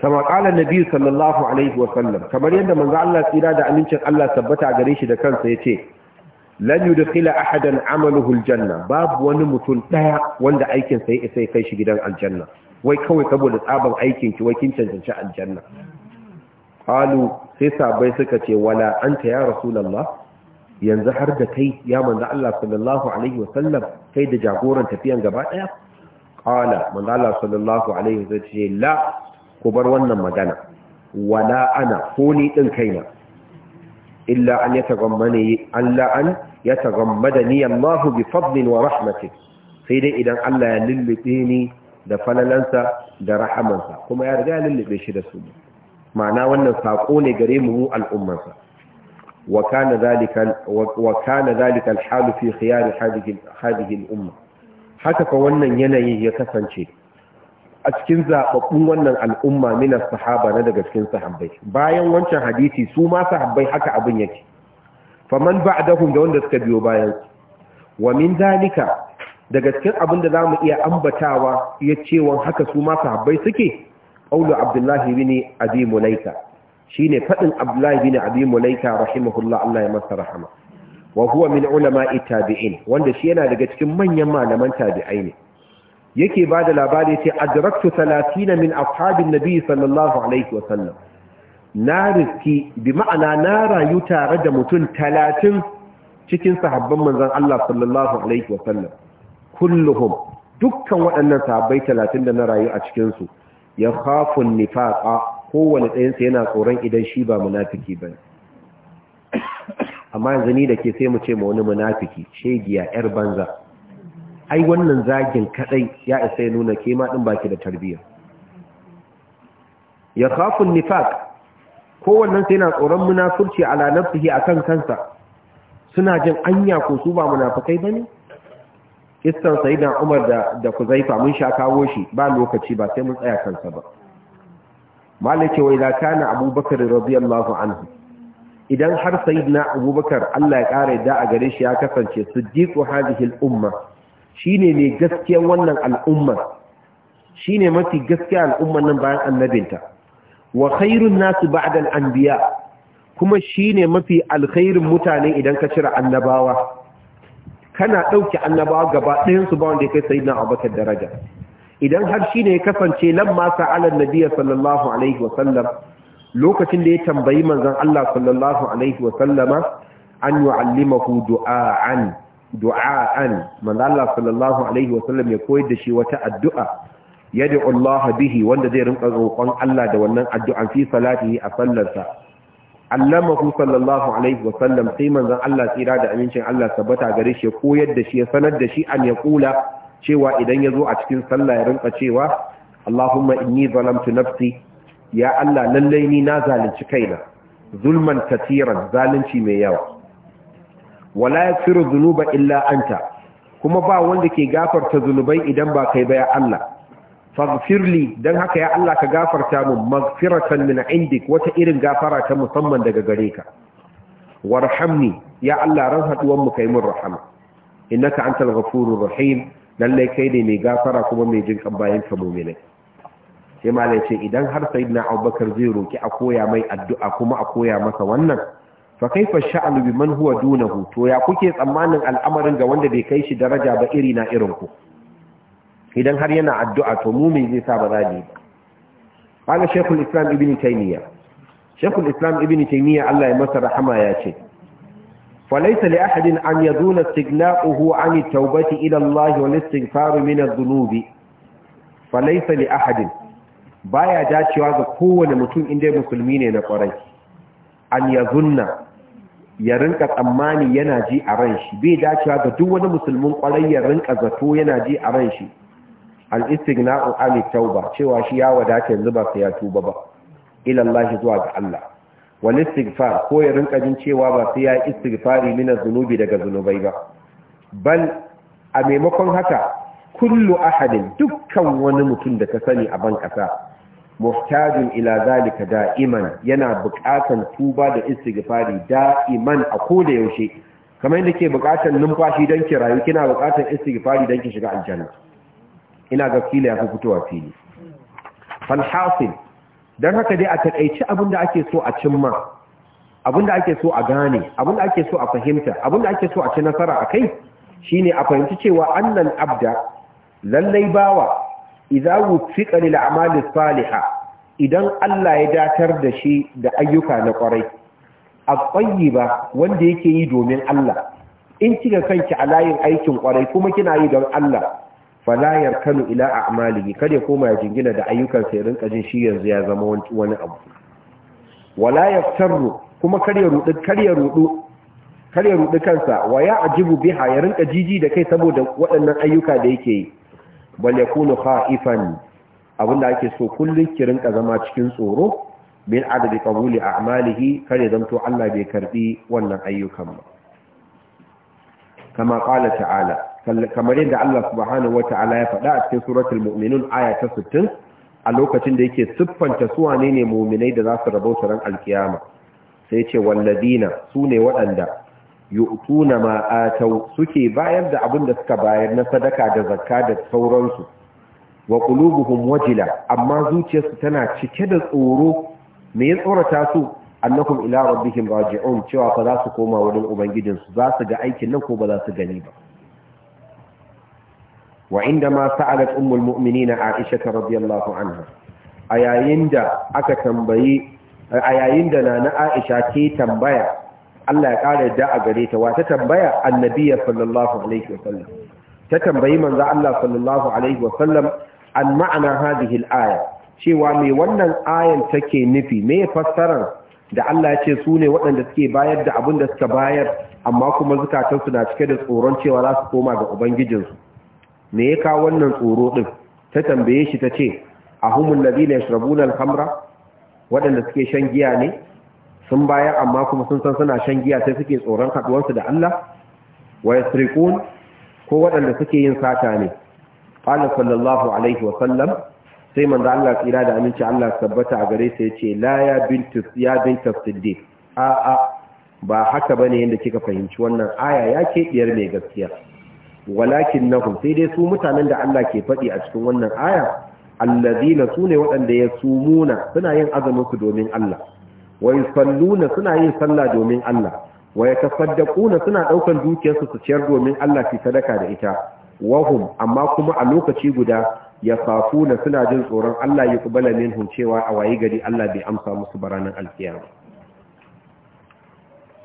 [SPEAKER 1] kama kala nabi sallallahu alaihi wa sallam kamar yadda manzo Allah tsira da amincin Allah tabbata gare shi da kansa yace lan yudkhila ahadan amaluhu aljanna babu wani mutum daya wanda aikin sa yake sai kai shi gidan aljanna wai kawai saboda tsaban aikin ki wai kin cancanci aljanna qalu sai sabai suka ce wala anta ya rasulullah yanzu har da kai ya manzo Allah sallallahu alaihi sallam kai da jagoran tafiyan gaba daya qala manzo Allah sallallahu alaihi wasallam ce la ku bar wannan magana wala ana ko ni din kaina illa an yatagammani alla an yatagammadani Allah bi wa rahmati. sai dai idan Allah ya lullube ni da falalansa da rahamansa kuma ya riga ya lullube shi da su ma'ana wannan sako ne gare mu al'ummarsa وكان ذلك وكان ذلك الحال في خيار هذه هذه الامه haka fa wannan yanayi ya kasance a cikin zababbun wannan al'umma minas sahaba na daga cikin sahabbai bayan wancan hadisi su ma sahabbai haka abin yake faman ba'dahum da wanda suka biyo bayan wa min zalika daga cikin abin da zamu iya ambatawa ya cewa haka su ma sahabbai suke qaulu abdullahi bin abi mulaika shine faɗin Abdullahi bin Abi Mulaika rahimahullah Allah ya masa rahama wa min ulama'i tabi'in wanda shi yana daga cikin manyan malaman tabi'ai ne yake bada labari yace adraktu 30 min ashabin nabi sallallahu alaihi wa sallam na riski bi ma'ana na rayu tare da mutum 30 cikin sahabban manzon Allah sallallahu alaihi wa sallam kulluhum dukkan waɗannan sahabbai 30 da na rayu a cikin su ya khafun nifaqa kowane ɗayansa yana tsoron idan shi ba munafiki ba amma yanzu ni da ke sai mu ce ma wani munafiki shegiya yar banza ai wannan zagin kadai ya isa ya nuna ke din baki da tarbiyya ya khafu nifaq wannan sai yana tsoron munafurci ala nafsihi akan kansa suna jin anya ko su ba munafikai bane istan sayyidan umar da da kuzaifa mun sha kawo shi ba lokaci ba sai mun tsaya kansa ba malaka wai la kana abubakar radiyallahu anhu idan har sayyidina abubakar Allah ya kare da a gare shi ya kasance siddiqu hadhihi al-umma shine mai gaskiyar wannan al'umma shine mafi gaskiya al'umman nan bayan annabinta wa khairun nasu ba'da al-anbiya kuma shine mafi alkhairin mutane idan ka cire annabawa kana dauki annabawa gaba ɗayan su ba wanda ya kai sayyidina abubakar daraja idan har shi ne ya kasance nan lamma sa'alar nabiya sallallahu alaihi wasallam lokacin da ya tambayi manzan Allah sallallahu alaihi wasallama an yu'allimahu du'a'an du'a'an manzan Allah sallallahu alaihi wasallam ya koyar da shi wata addu'a yad'u Allah bihi wanda zai rinka roƙon Allah da wannan addu'an fi salatihi a sallarsa allamahu sallallahu alaihi wa sallam sai manzan Allah tsira da amincin Allah tabbata gare shi ya koyar da shi ya sanar da shi an ya kula cewa idan ya zo a cikin sallah ya rinka cewa Allahumma inni zalamtu nafsi ya Allah lallai ni na zalunci kaina zulman katiran zalunci mai yawa wala yaghfiru dhunuba illa anta kuma ba wanda ke gafarta zunubai idan ba kai ba ya Allah faghfirli dan haka ya Allah ka gafarta mun maghfiratan min indik wata irin gafara ta musamman daga gare ka warhamni ya Allah ran mu kai mun rahama innaka antal ghafurur rahim lallai kai ne mai gafara kuma mai jin kan bayan ka mumina sai malai ce idan har sayyidina abubakar zai roki a koya mai addu'a kuma a koya masa wannan fa kaifa sha'anu bi man huwa dunahu to ya kuke tsammanin al'amarin ga wanda bai kai shi daraja ba iri na irin ku idan har yana addu'a to mumin zai sa ba zabi ba qala shaykhul islam ibn taymiya shaykhul islam ibn taymiya Allah ya masa rahama ya ce Falaisali ahadin an yazuna istighna'uhu an at-taubati ila Allah wal istighfar min adh-dhunubi ahadin baya dacewa ga kowane mutum inda musulmi ne na kwarai an yazunna ya rinka tsammani yana ji a ran shi bai dacewa ga duk wani musulmin kwarai ya rinka zato yana ji a ran shi al-istighna'u an tauba cewa shi ya wadata yanzu ba sai ya tuba ba ila zuwa ga Allah wal istighfar ko ya rinka jin cewa ba sai ya istighfari min az-zunubi daga zunubai ba bal a maimakon haka kullu ahadin dukkan wani mutum da ka sani a ban kasa muhtajin ila zalika da'iman yana buƙatan tuba da istighfari da'iman a koda yaushe kamar yadda ke buƙatan numfashi don ki rayu kina buƙatan istighfari don ki shiga aljanna ina ga kila ya fi fitowa fili fal hasil don haka dai a taƙaici abin da ake so a cimma abin da ake so a gane abin da ake so a fahimta abin da ake so a ci nasara a kai Shi ne a fahimci cewa annan abda lallai bawa izawu wufiqa lil a'mali idan Allah ya datar da shi da ayyuka na kwarai at ba wanda yake yi domin Allah in kika kanki a layin aikin ƙwarai kuma kina yi don Allah fala yarkanu ila a'malihi kada ya koma ya jingina da ayyukan sa ya rinka jin shi yanzu ya zama wani wani abu wala yaftaru kuma kada ya rudu kada ya rudu kada ya rudu kansa wa ya biha ya rinka jiji da kai saboda waɗannan ayyuka da yake yi bal yakunu khaifan abinda ake so kullun ki rinka zama cikin tsoro min adadi qabuli a'malihi kada ya zanto Allah bai karbi wannan ayyukan ba kama qala ta'ala kamar yadda Allah subhanahu wata'ala ya faɗa a cikin suratul mu'minun aya ta 60 a lokacin da yake siffanta su wane ne mu'minai da za su rabauta ran alkiyama sai ce walladina sune waɗanda yu'tuna ma atau suke bayar da abin da suka bayar na sadaka da zakka da sauransu wa qulubuhum wajila amma zuciyarsu tana cike da tsoro me ya tsorata su annahum ila rabbihim raji'un cewa fa za su koma wurin ubangijinsu za su ga aikin nan ko ba za su gani ba وعندما سألت أم المؤمنين عائشة رضي الله عنها أيايين دا أكا تنبي أيايين دا نانا عائشة كي تنبيا الله قال دا أقريتا وتتنبيا النبي صلى الله عليه وسلم تتنبي من ذا الله صلى الله عليه وسلم عن معنى هذه الآية شوى مي ونن آية تكي نفي مي فسرن da Allah ya ce su ne waɗanda suke bayar da abin da suka bayar amma kuma zukatansu na cike da tsoron cewa za su koma ga Ubangijinsu me ya kawo wannan tsoro din ta tambaye shi ta ce ahumul ladina yashrabuna al-khamra waɗanda suke shan giya ne sun bayar amma kuma sun san suna shan giya sai suke tsoron haɗuwarsu da Allah wa yasriqun ko waɗanda suke yin sata ne qala sallallahu alaihi wa sallam sai manzo Allah tsira da aminci Allah tabbata a gare sa yace la ya bintu ya bintu siddiq a a ba haka bane yanda kika fahimci wannan aya ya ke mai gaskiya walakin nahum sai dai su mutanen da Allah ke faɗi a cikin wannan aya allazina sune waɗanda ya sumuna suna yin azaminsu domin Allah wa yusalluna suna yin sallah domin Allah wa yatasaddaquna suna daukan dukiyarsu su ciyar domin Allah fi sadaka da ita wahum amma kuma a lokaci guda ya na suna jin tsoron Allah ya kubala minhum cewa a wayi gari Allah bai amsa musu baranan alkiyama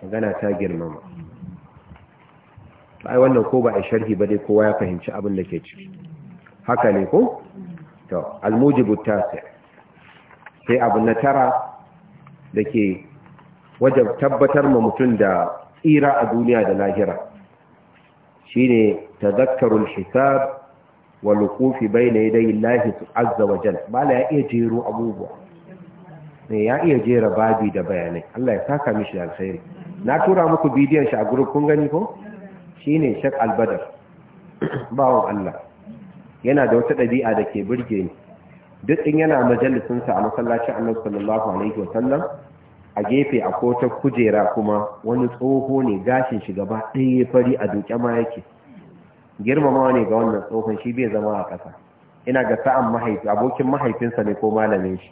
[SPEAKER 1] magana ta girmama ai wannan ko ba a sharhi ba dai kowa ya fahimci abin da ke ciki haka ne ko to almujibu tasi sai abu na tara da ke wajen tabbatar ma mutum da tsira a duniya da lahira shine tazakkarul hisab wa luqufi bayna yaday Allah azza wa jalla bala ya iya jero abubuwa ne ya iya jera babi da bayanai Allah ya saka mishi alkhairi na tura muku bidiyon shi a group kun gani ko Shi shine shek albadar bawon Allah yana da wata ɗabi'a da ke birge ni duk in yana majalisinsa a masallacin annabi sallallahu alaihi sallam a gefe a kota kujera kuma wani tsoho ne gashin shi gaba ɗaya fari a duke ma yake girmamawa ne ga wannan tsohon shi bai zama a ƙasa ina ga sa'an mahaifi abokin mahaifinsa ne ko malamin shi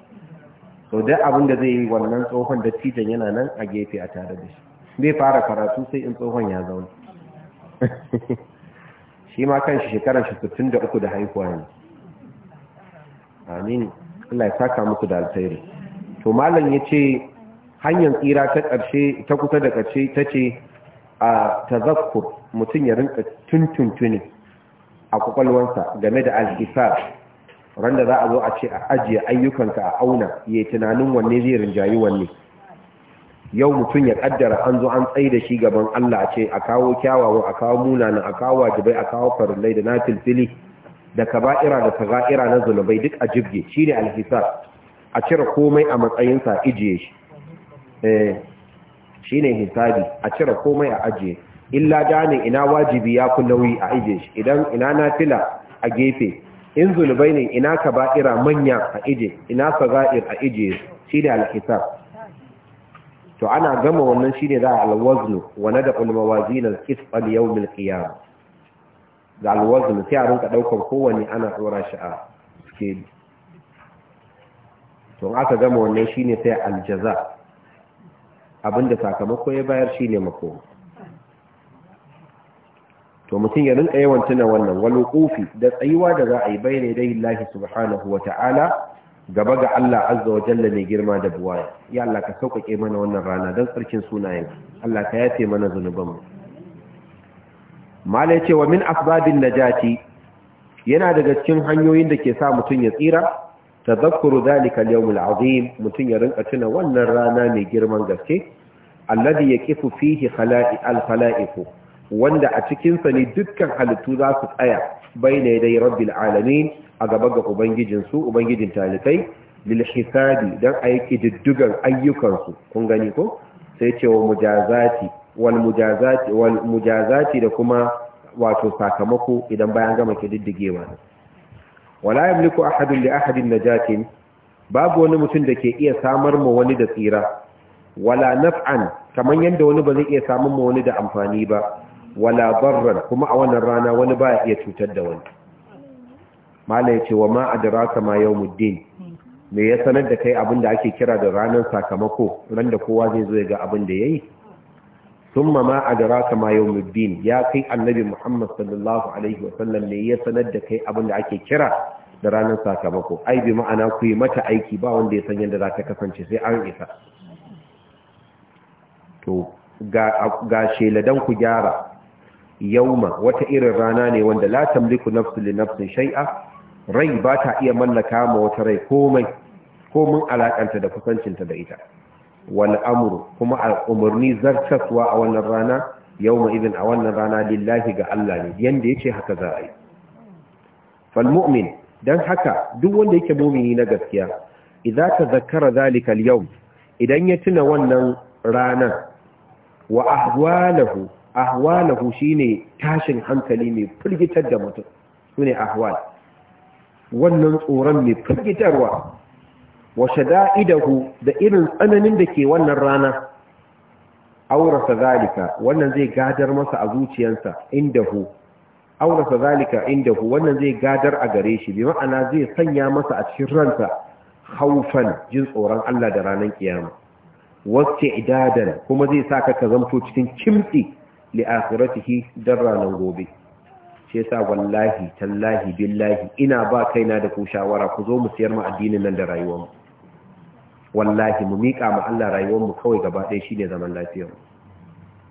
[SPEAKER 1] so da abin da zai yi wannan tsohon tijan yana nan a gefe a tare da shi bai fara karatu sai in tsohon ya zauna shi ma kanshi shekarar shi 63 da haihuwa ne amin Allah ya saka muku da alkhairi to malam yace hanyar tsira ta karshe ta kusa da ƙarshe tace a tazakkur mutum ya rinka tuntuntuni a kwakwalwansa game da alhisab randa za a zo a ce a ajiye ayyukanka a auna yayi tunanin wanne zai rinjayi wanne yau mutum ya kaddara an zo an tsaye da shi gaban Allah a ce a kawo kyawawan a kawo munanan a kawo wajibai a kawo farillai da filfili da kaba'ira da taga'ira na zunubai duk a jibge shi ne alhisar a cire komai a matsayinsa ijiye shi eh, shi ne hisabi a cire komai a ajiye illa gane ina wajibi ya ku nauyi a ajiye shi idan ina na fila a gefe in zunubai ne ina kaba'ira manya a ijiye ina saga'ir a ijiye shi ne alhisar to ana gama wannan shine za a alwaznu wa nad'u almawazin alqist al yawm alqiyam da alwaznu sai a rinka daukar kowanne ana tsora shi a scale to aka gama wannan shine sai aljaza abinda sakamako ya bayar shine mako. to mutum ya rinka yawan tuna wannan wal da tsayuwa da za a yi bayyana dai Allah subhanahu wa ta'ala gaba ga Allah azza wa jalla mai girma da buwaya ya Allah ka sauƙaƙe mana wannan rana don tsarkin sunayen Allah ka yafe mana zunubanmu mala ce wa min asbabin najati yana daga cikin hanyoyin da ke sa mutum ya tsira tadhakkuru dhalika al-yawm al-azim mutum ya rinka tuna wannan rana mai girman gaske alladhi yaqifu fihi khala'i al-khala'iq wanda a cikin sa ne dukkan halittu za su tsaya bayna yaday rabbil alamin a gaba ga ubangijinsu ubangijin talikai lil hisabi aiki ayi ayyukansu kun gani ko sai ce wa mujazati wal mujazati wal mujazati da kuma wato sakamako idan bayan gama ke kididdigewa wala yamliku ahadun li ahadin najatin babu wani mutum da ke iya samar ma wani da tsira wala naf'an kamar yadda wani ba zai iya samun ma wani da amfani ba wala barran kuma a wannan rana wani ba iya cutar da wani mala ya ce wa ma rasa ma muddin me ya sanar da kai abin da ake kira da ranar sakamako ran da kowa zai zo ya ga abin da yayi sun ma rasa ma yau muddin ya kai annabi Muhammad sallallahu alaihi wa sallam ya sanar da kai abin da ake kira da ranar sakamako ai bi ma'ana ku yi mata aiki ba wanda ya san yadda za ta kasance sai an isa to ga sheladan ku gyara yauma wata irin rana ne wanda la tamliku nafsu li nafsin shay'a rai ba ta iya mallaka ma wata rai komai komin alaƙanta da kusancinta da ita wal amru kuma al'umurni zartaswa a wannan rana yawma izin a wannan rana lillahi ga Allah ne yanda yace haka za a yi fal don dan haka duk wanda yake mu'mini na gaskiya idza ka zakara zalikal yau? idan ya tuna wannan rana, wa ahwalahu ahwalahu shine tashin hankali mai firgitar da mutum ne ahwal wannan tsoron mai firgitarwa wa shada'idahu da irin tsananin da ke wannan rana aurasa zalika wannan zai gadar masa a zuciyarsa indahu aurasa zalika indahu wannan zai gadar a gare shi bi ma'ana zai sanya masa a cikin ransa haufan jin tsoron Allah da ranar kiyama wasu idadan kuma zai saka ka zamto cikin kimtsi li akhiratihi ranar gobe sai sa wallahi tallahi billahi ina ba kaina da ku shawara ku zo mu siyar mu addinin nan da rayuwarmu wallahi mu miƙa mu Allah rayuwar mu kawai gaba ɗaya shine zaman lafiya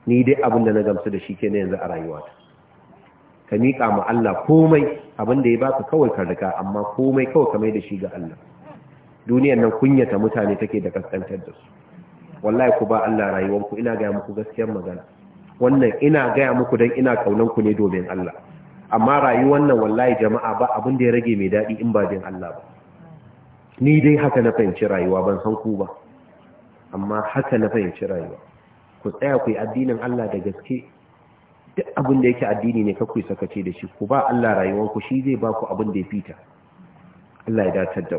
[SPEAKER 1] ni dai abin da na gamsu da shi ke yanzu a rayuwata ka miƙa mu Allah komai abin da ya baka kawai ka riga amma komai kawai ka mai da shi ga Allah duniyar nan kunyata mutane take da kaskantar da su wallahi ku ba Allah rayuwarku ina ga muku gaskiyar magana wannan ina gaya muku dan ina kaunan ku ne domin Allah amma rayuwar nan wallahi jama'a ba abin da ya rage mai daɗi in ba jin Allah ba ni dai haka na fahimci rayuwa ban san ku ba amma haka na fahimci rayuwa ku tsaya ku yi addinin Allah da gaske duk abin da yake addini ne kakwai sakace da shi ku ba Allah ku shi zai ba ku abin da ya fita Allah ya dace da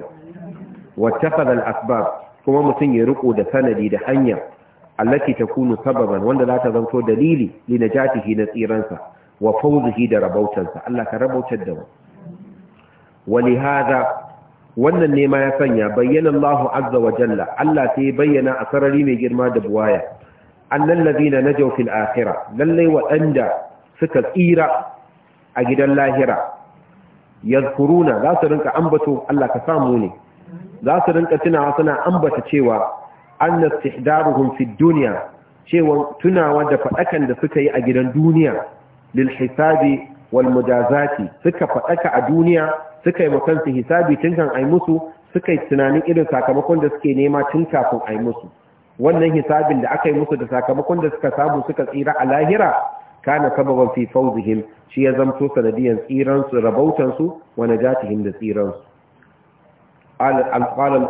[SPEAKER 1] wattafal al-asbab kuma mutum ya riko da sanadi da hanya allati takunu sababan wanda za ta zanto dalili linajatihi najatihi na tsiransa wa fawzihi da rabautarsa Allah ka rabautar da mu wali hada wannan nema ya sanya bayyana Allah azza wa jalla Allah sai ya bayyana a sarari mai girma da buwaya annal ladina najaw fil akhirah lalle waɗanda suka tsira a gidan lahira yadhkuruna za su rinka ambato Allah ka samu ne za su rinka tunawa suna ambata cewa anna istihdaruhum fid dunya cewa tunawa da fadakan da suka yi a gidan duniya lilhisabi wal mujazati suka faɗaka a duniya suka yi makansu hisabi tun kan ai musu suka yi tunanin irin sakamakon da suke nema tun kafin ai musu wannan hisabin da aka yi musu da sakamakon da suka samu suka tsira a lahira kana sababan fi fawzihim shi ya zamto sanadiyan tsiran su rabautan su wa najatihim da tsiran su al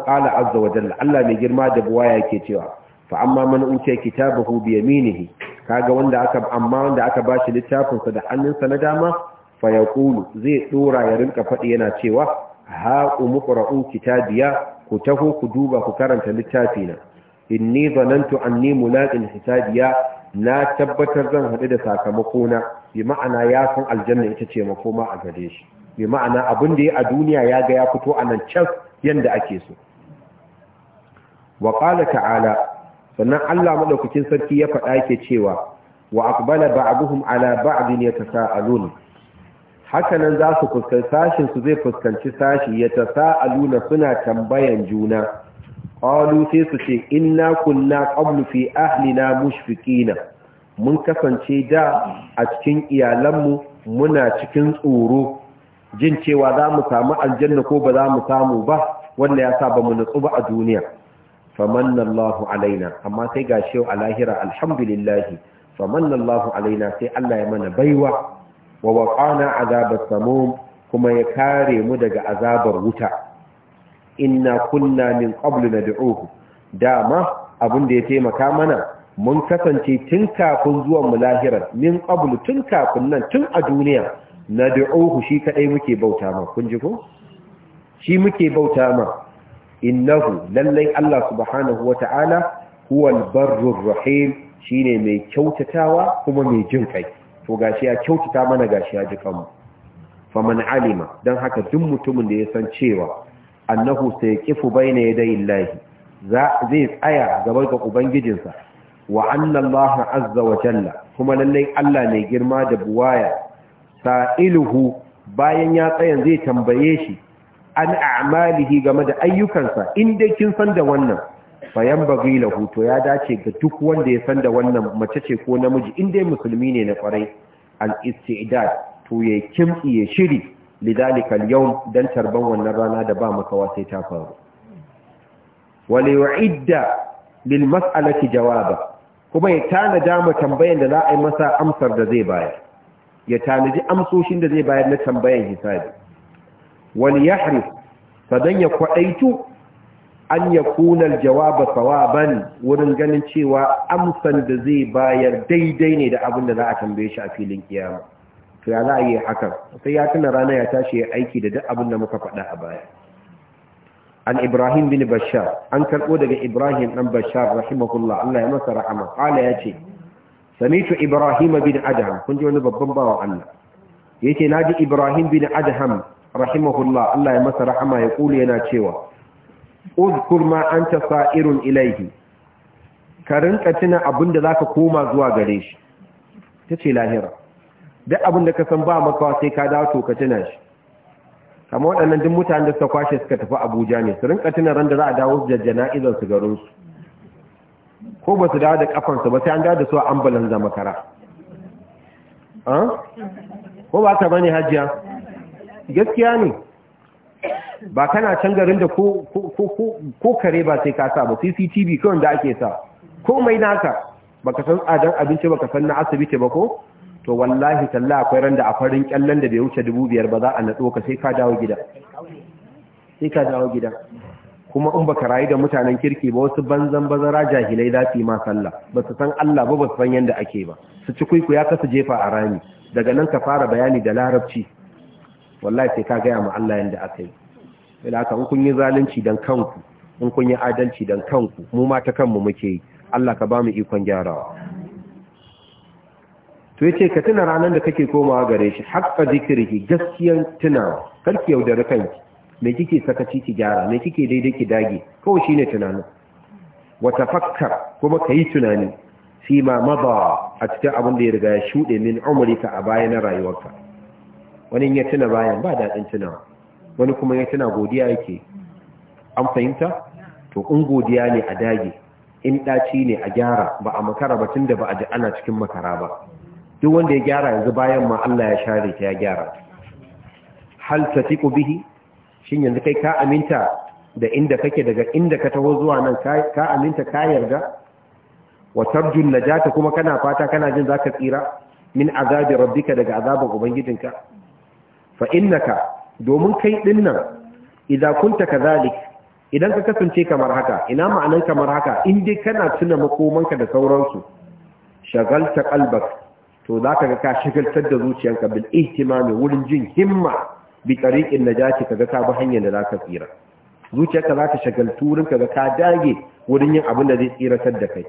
[SPEAKER 1] azza wa jalla Allah mai girma da buwaya yake cewa fa amma man unce kitabahu bi yaminihi kaga wanda aka amma wanda aka bashi littafin sa da hannunsa na dama fa Kulu zai dora ya rinka faɗi yana cewa ha umqra'u kitabiya ku taho ku duba ku karanta littafina inni zanantu anni mulaqin hisabiya na tabbatar zan haɗu da sakamakona, na bi ma'ana ya san aljanna ita ce makoma a gare shi bi ma'ana abin da ya a duniya ya ga ya fito a nan can yanda ake so wa qala ta'ala sannan Allah madaukakin sarki ya faɗa yake cewa wa aqbala ba'dhum ala ba'din yatasaalun hakanan za su fuskanci sashin su zai fuskanci sashi yatasaaluna suna tambayan juna qalu sai su ce inna kunna qablu fi ahlina mushfiqina mun kasance da a cikin iyalanmu muna cikin tsoro jin cewa za mu samu aljanna ko ba za mu samu ba wanda ya sa ba mu nutsu ba a duniya famanna Allahu alaina amma sai ga shi a lahira alhamdulillah famanna Allahu alaina sai Allah ya mana baiwa wa waqana azabat samum kuma ya kare mu daga azabar wuta inna kunna min qablu nad'uhu dama abin da ya taimaka mana mun kasance tun kafin zuwan mu lahira min qablu tun kafin nan tun a duniya nad'uhu shi kadai muke bauta ma kun ji ko shi muke bauta ma innahu lallai Allah subhanahu wa ta'ala huwal barrur rahim shine mai kyautatawa kuma mai jin kai to gashi ya kyautata mana gashi ya ji kanmu faman alima don haka duk mutumin da ya san cewa annahu sai kifu baina yadayi lahi. zai tsaya gaba ga ubangijinsa wa annallaha azza wa jalla kuma lallai Allah mai girma da buwaya sa'iluhu bayan ya tsayan zai tambaye shi an a'malihi game da ayyukansa in dai kin san da wannan bayan bagi lahu to ya dace ga duk wanda ya san da wannan mace ce ko namiji in dai musulmi ne na kwarai al istidad to ya kimti ya shiri lidhalika al yawm dan tarban wannan rana da ba makawa sai ta faru wali yu'idda lil mas'alati jawaba kuma ya tanada ma tambayan da za a yi masa amsar da zai bayar ya tanaji amsoshin da zai bayar na tambayan hisabi wal yahrif sadan ya kwaɗaitu an ya kuna jawaba sawaban wurin ganin cewa amsan da zai bayar daidai ne da abin da za a tambaye shi a filin kiyama to ya za a yi hakan sai ya tuna rana ya tashi ya aiki da duk abin da muka faɗa a baya an ibrahim bin bashar an karɓo daga ibrahim ɗan bashar rahimahullah allah ya masa rahama ƙala ya ce samitu ibrahim bin adham kun ji wani babban bawa allah ya ce na ji ibrahim bin adham rahimahullah Allah ya masa rahama ya kula yana cewa uzkur ma anta sa'irun ilaihi ka rinka tuna abinda ka koma zuwa gare shi ce lahira duk abinda ka san ba makawa sai ka dawo to ka tuna shi Kama waɗannan duk mutanen da suka kwashe suka tafi Abuja ne su rinka tuna ran da za a dawo da jana'izar su garin su ko ba su dawo da kafansu ba sai an dawo da su a ambulan zamakara. makara ko ba ta bane hajiya gaskiya ne ba kana can garin da ko kare ba sai ka sa ba cctv kawai da ake sa komai naka ba ka san tsadan abinci ba ka san na asibiti ba ko to wallahi talla akwai randa a farin kyallen da bai wuce dubu biyar ba za a natso ka sai ka dawo gida sai ka dawo gida kuma in baka rayu da mutanen kirki ba wasu banzan bazara jahilai za su yi ma sallah ba su san Allah ba ba su san yadda ake ba su ci kuikuya ka su jefa a rami daga nan ka fara bayani da larabci wallahi sai ka gaya ma Allah yanda aka yi sai aka in kun yi zalunci dan kanku in kun yi adalci dan kanku mu ma ta kanmu muke yi Allah ka ba mu ikon gyarawa to yace ka tuna ranar da kake komawa gare shi haqqa zikrihi gaskiyan tuna karki yaudari kanki me kike sakaci ki gyara me kike daidai ki dage kawai shine tunanin wa tafakkar kuma kayi tunani fi ma mada a cikin abin da ya riga ya shude min umrika a bayan rayuwarka wani ya tuna bayan ba daɗin tunawa wani kuma ya tuna godiya yake an fahimta to in godiya ne a dage in ɗaci ne a gyara ba a makara ba tun da ba a ji ana cikin makara ba duk wanda ya gyara yanzu bayan ma Allah ya share ta ya gyara hal tatiqu bihi shin yanzu kai ka aminta da inda kake daga inda ka taho zuwa nan ka aminta ka yarda wa tarju najata kuma kana fata kana jin zaka tsira min azabi rabbika daga azabin ubangijinka fainnaka domin kai dinnan idan kunta kazalik idan ka kasance kamar haka ina ma'anan kamar haka in dai kana tuna makomanka da sauransu shagalta kalbak to zaka ga ka shagaltar da zuciyanka bil ihtimami wurin jin himma bi tsariƙin na kaga ka bi hanyar da ka tsira zuciyarka ta shagaltu wurin kaga ka dage wurin yin abin da zai tsiratar da kai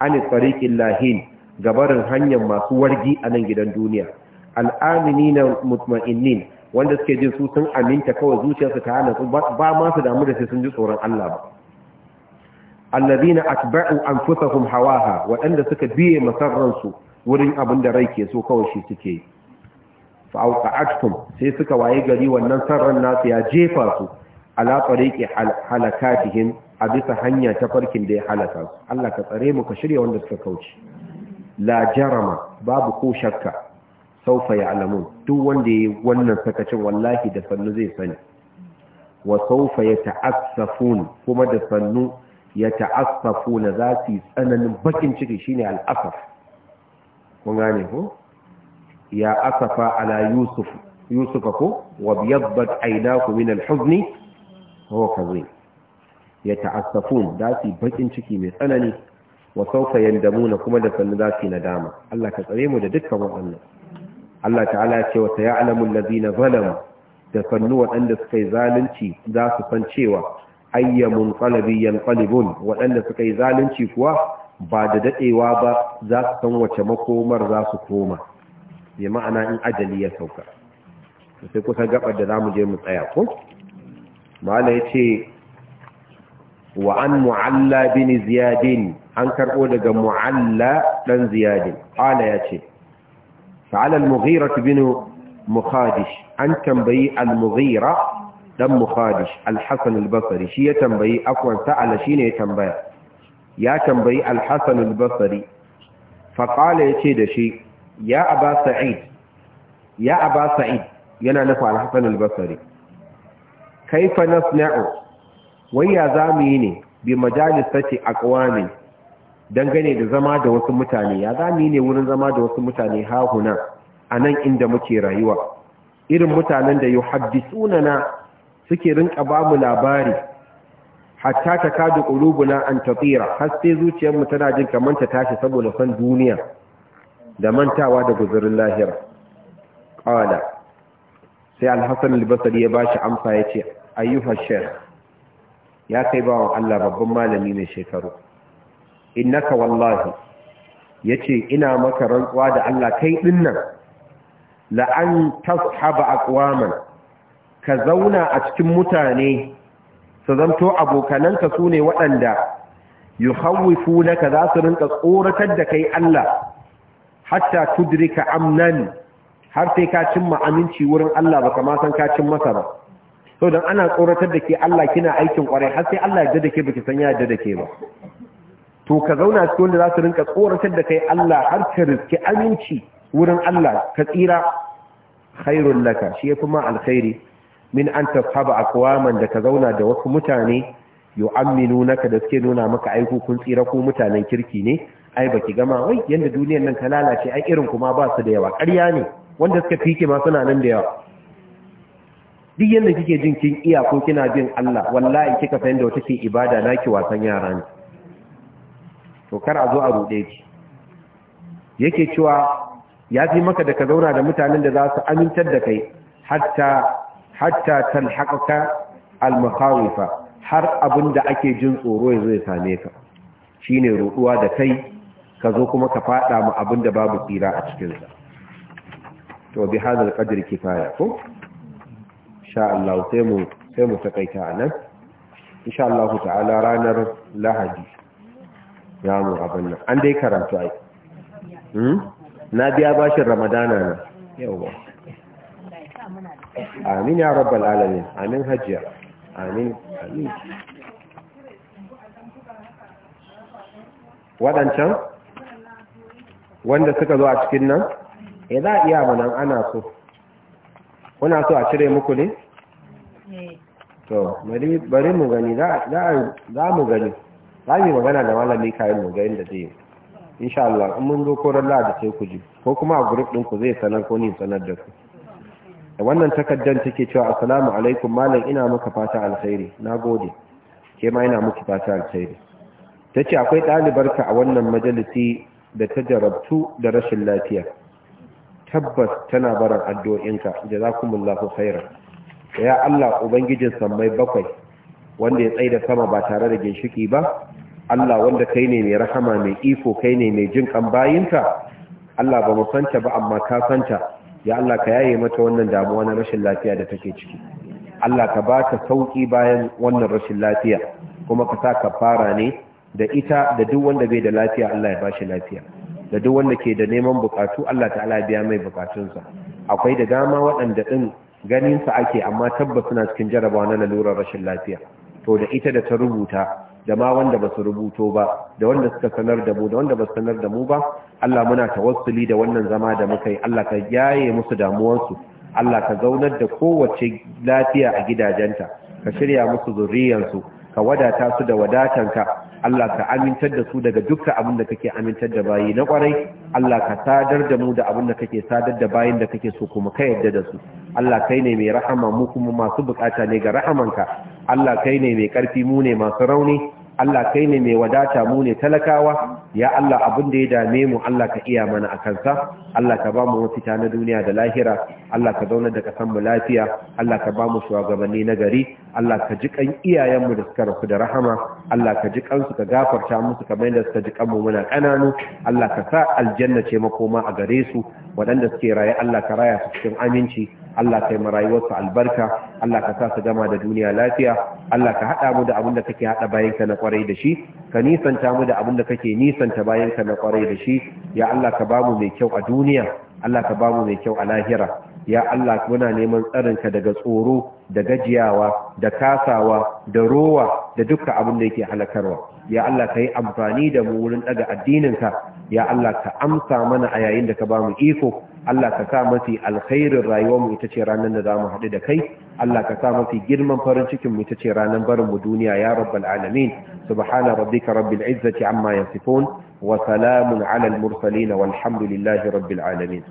[SPEAKER 1] ani tariqil lahin gabarin hanyar masu wargi a nan gidan duniya al'aminina mutma'innin wanda suke jin su sun aminta kawai zuciyarsu ta hana su ba ma su damu da sai sun ji tsoron Allah ba allazina atba'u anfusahum hawaha waɗanda suka biye masarransu wurin abin da rai ke so kawai shi suke yi fa'auqa'atkum sai suka waye gari wannan sarran nasu ya jefa su ala halaka halakatihim a bisa hanya ta farkin da ya halaka su Allah ka tsare mu ka shirya wanda suka kauce la jarama babu ko shakka saufa ya'lamun duk wanda yayi wannan sakacin wallahi da sannu zai sani wa saufa ya yata'assafun kuma da sannu ya yata'assafuna za su tsananin bakin ciki shine al'asaf kun gane ko ya asafa ala yusuf yusuf ko wa biyaddat aynahu min al-huzni huwa kazim yata'assafun da su bakin ciki mai tsanani wa saufa yandamuna kuma da sannu za su nadama Allah ka tsare mu da dukkan waɗannan Allah ta'ala ya ce wa ta'lamu allazina zalamu da sannu waɗanda suka yi zalunci za su san cewa ayyamun qalabi yanqalibun waɗanda suka yi zalunci kuwa ba da dadewa ba za su san wace makomar za su koma bi ma'ana in ajali ya sauka sai kusa gabar da zamu je mu tsaya ko mala yace wa an mu'alla bin ziyadin an karbo daga mu'alla dan ziyadin ala yace فعلى المغيرة بن مخادش أن تنبي المغيرة دم مخادش الحسن البصري شي تنبي أقوى سأل شيني تنبي يا تنبي الحسن البصري فقال يتيد شي يا أبا سعيد يا أبا سعيد ينا نفع الحسن البصري كيف نصنع ويا زاميني بمجالسة أقوامي dangane da zama da wasu mutane ya zami ne wurin zama da wasu mutane hahuna a nan inda muke rayuwa irin mutanen da yuhaddisunana suke rinka ba mu labari hatta ta kadu na an tafira har sai zuciyarmu tana jin kamar ta tashi saboda san duniya da mantawa da guzurin lahira qala sai al-hasan al-basri ya bashi amsa yace ayyuha shaykh ya kai bawon Allah babban malami ne shekaru innaka wallahi yace ina maka rantsuwa da Allah kai ɗinnan, la an tashaba aqwaman ka zauna a cikin mutane su zanto abokananka sune waɗanda yuhawwifunaka za su rinka tsoratar da kai Allah hatta tudrika amnan har sai ka cimma aminci wurin Allah baka ma san ka cin masa ba so dan ana tsoratar da ke Allah kina aikin kwarai har sai Allah ya dade ke baki san ya da ke ba to ka zauna cikin wanda za su rinka tsoratar da kai Allah har ka riske aminci wurin Allah ka tsira khairun laka shi ya kuma alkhairi min an tashaba aqwaman da ka zauna da wasu mutane yu'amminu naka da suke nuna maka aiko kun tsira ko mutanen kirki ne ai baki gama wai yanda duniyar nan ta lalace ai irin kuma ba su da yawa ƙarya ne wanda suka fike ma suna nan da yawa duk yanda kike jin kin iya ko kina jin Allah wallahi kika san da wata ke ibada naki wasan yara ne to kar a zo a rude ki yake cewa ya fi maka da ka zauna da mutanen da za su amintar da kai hatta hatta talhaqaka al har abin da ake jin tsoro ya ya same ka shine ruɗuwa da kai ka zo kuma ka fada mu abin da babu tsira a cikin sa to bi hadal qadr kifaya ko insha Allah sai mu sai mu takaita anan insha Allah ta'ala ranar lahadi ya mu abin nan an dai karatu ai hmm? na biya bashin ramadana na yauwa amin ya rabbal alamin amin hajiya amin amin waɗancan wanda suka zo a cikin nan ya eh, za a iya manan ana so kuna so a cire muku ne? Eh. to bari mu gani za mu gani za yi magana da malami kayan mu da inda zai insha Allah in mun zo koran da sai ku ji ko kuma a group ɗinku zai sanar ko ni sanar da ku da wannan takaddan take cewa assalamu alaikum malam ina muka fata alkhairi nagode ke ma ina miki fata alkhairi tace akwai ɗalibarka a wannan majalisi da ta jarabtu da rashin lafiya tabbas tana barin addu'o'inka jazakumullahu khairan ya Allah ubangijin sammai bakwai wanda ya tsaye da sama ba tare da ginshiki ba Allah wanda kai ne mai rahama mai iko kai ne mai jin kan bayinka Allah ba mu santa ba amma ka santa ya Allah ka yaye mata wannan damuwa na rashin lafiya da take ciki Allah ka ba ta sauki bayan wannan rashin lafiya kuma ka sa kafara ne da ita da duk wanda bai da lafiya Allah ya bashi lafiya da duk wanda ke da neman bukatu Allah ta'ala biya mai bukatunsa akwai da dama waɗanda din ganin sa ake amma tabbas suna cikin jarabawa na lalurar rashin lafiya to da ita da ta rubuta da ma wanda ba su rubuto ba da wanda suka sanar da mu da wanda ba su sanar da mu ba Allah muna tawassuli da wannan zama da muka yi Allah ka yaye musu damuwansu Allah ka zaunar da kowace lafiya a gidajenta ka shirya musu zuriyarsu ka wadata su da wadatanka Allah ka amintar da su daga dukkan abin da kake amintar da bayi na kwarai Allah ka sadar da mu da abin da kake sadar da bayin da kake so kuma ka yarda da su Allah kai ne mai rahama mu kuma masu bukata ne ga rahamanka Allah kai ne mai karfi mu ne masu rauni Allah kai ne mai wadata mu ne talakawa ya Allah abin da ya dame mu Allah ka iya mana a kansa Allah ka ba mu mafita na duniya da lahira Allah ka zaunar da kasan mu lafiya Allah ka ba mu shugabanni na gari Allah ka ji kan iyayen mu da suka rasu da rahama Allah ka ji kan su ka gafarta musu kamar yadda suka ji kan mu muna kananu Allah ka sa aljanna ce makoma a gare su waɗanda suke raye Allah ka raya su cikin aminci Allah ka yi marayuwarsu albarka Allah ka sa su gama da duniya lafiya Allah ka haɗa mu da abin da kake haɗa bayanka na kwarai da shi ka nisanta mu da abin da kake nisanta bayanka na kwarai da shi ya Allah ka bamu mai kyau a duniya Allah ka bamu mai kyau a lahira ya Allah muna neman tsarinka daga tsoro da gajiyawa da kasawa da rowa da dukkan abin da yake halakarwa ya Allah ka yi amfani da mu wurin daga addininka ya Allah ka amsa mana a yayin da ka ba mu iko Allah ka sa mafi alkhairin rayuwar mu ita ce ranar da za mu haɗu da kai Allah ka sa mafi girman farin cikin mu ita ce ranar barin mu duniya ya rabbal alamin subhana rabbika rabbil izzati amma yasifun wa salamun alal mursalin walhamdulillahi rabbil alamin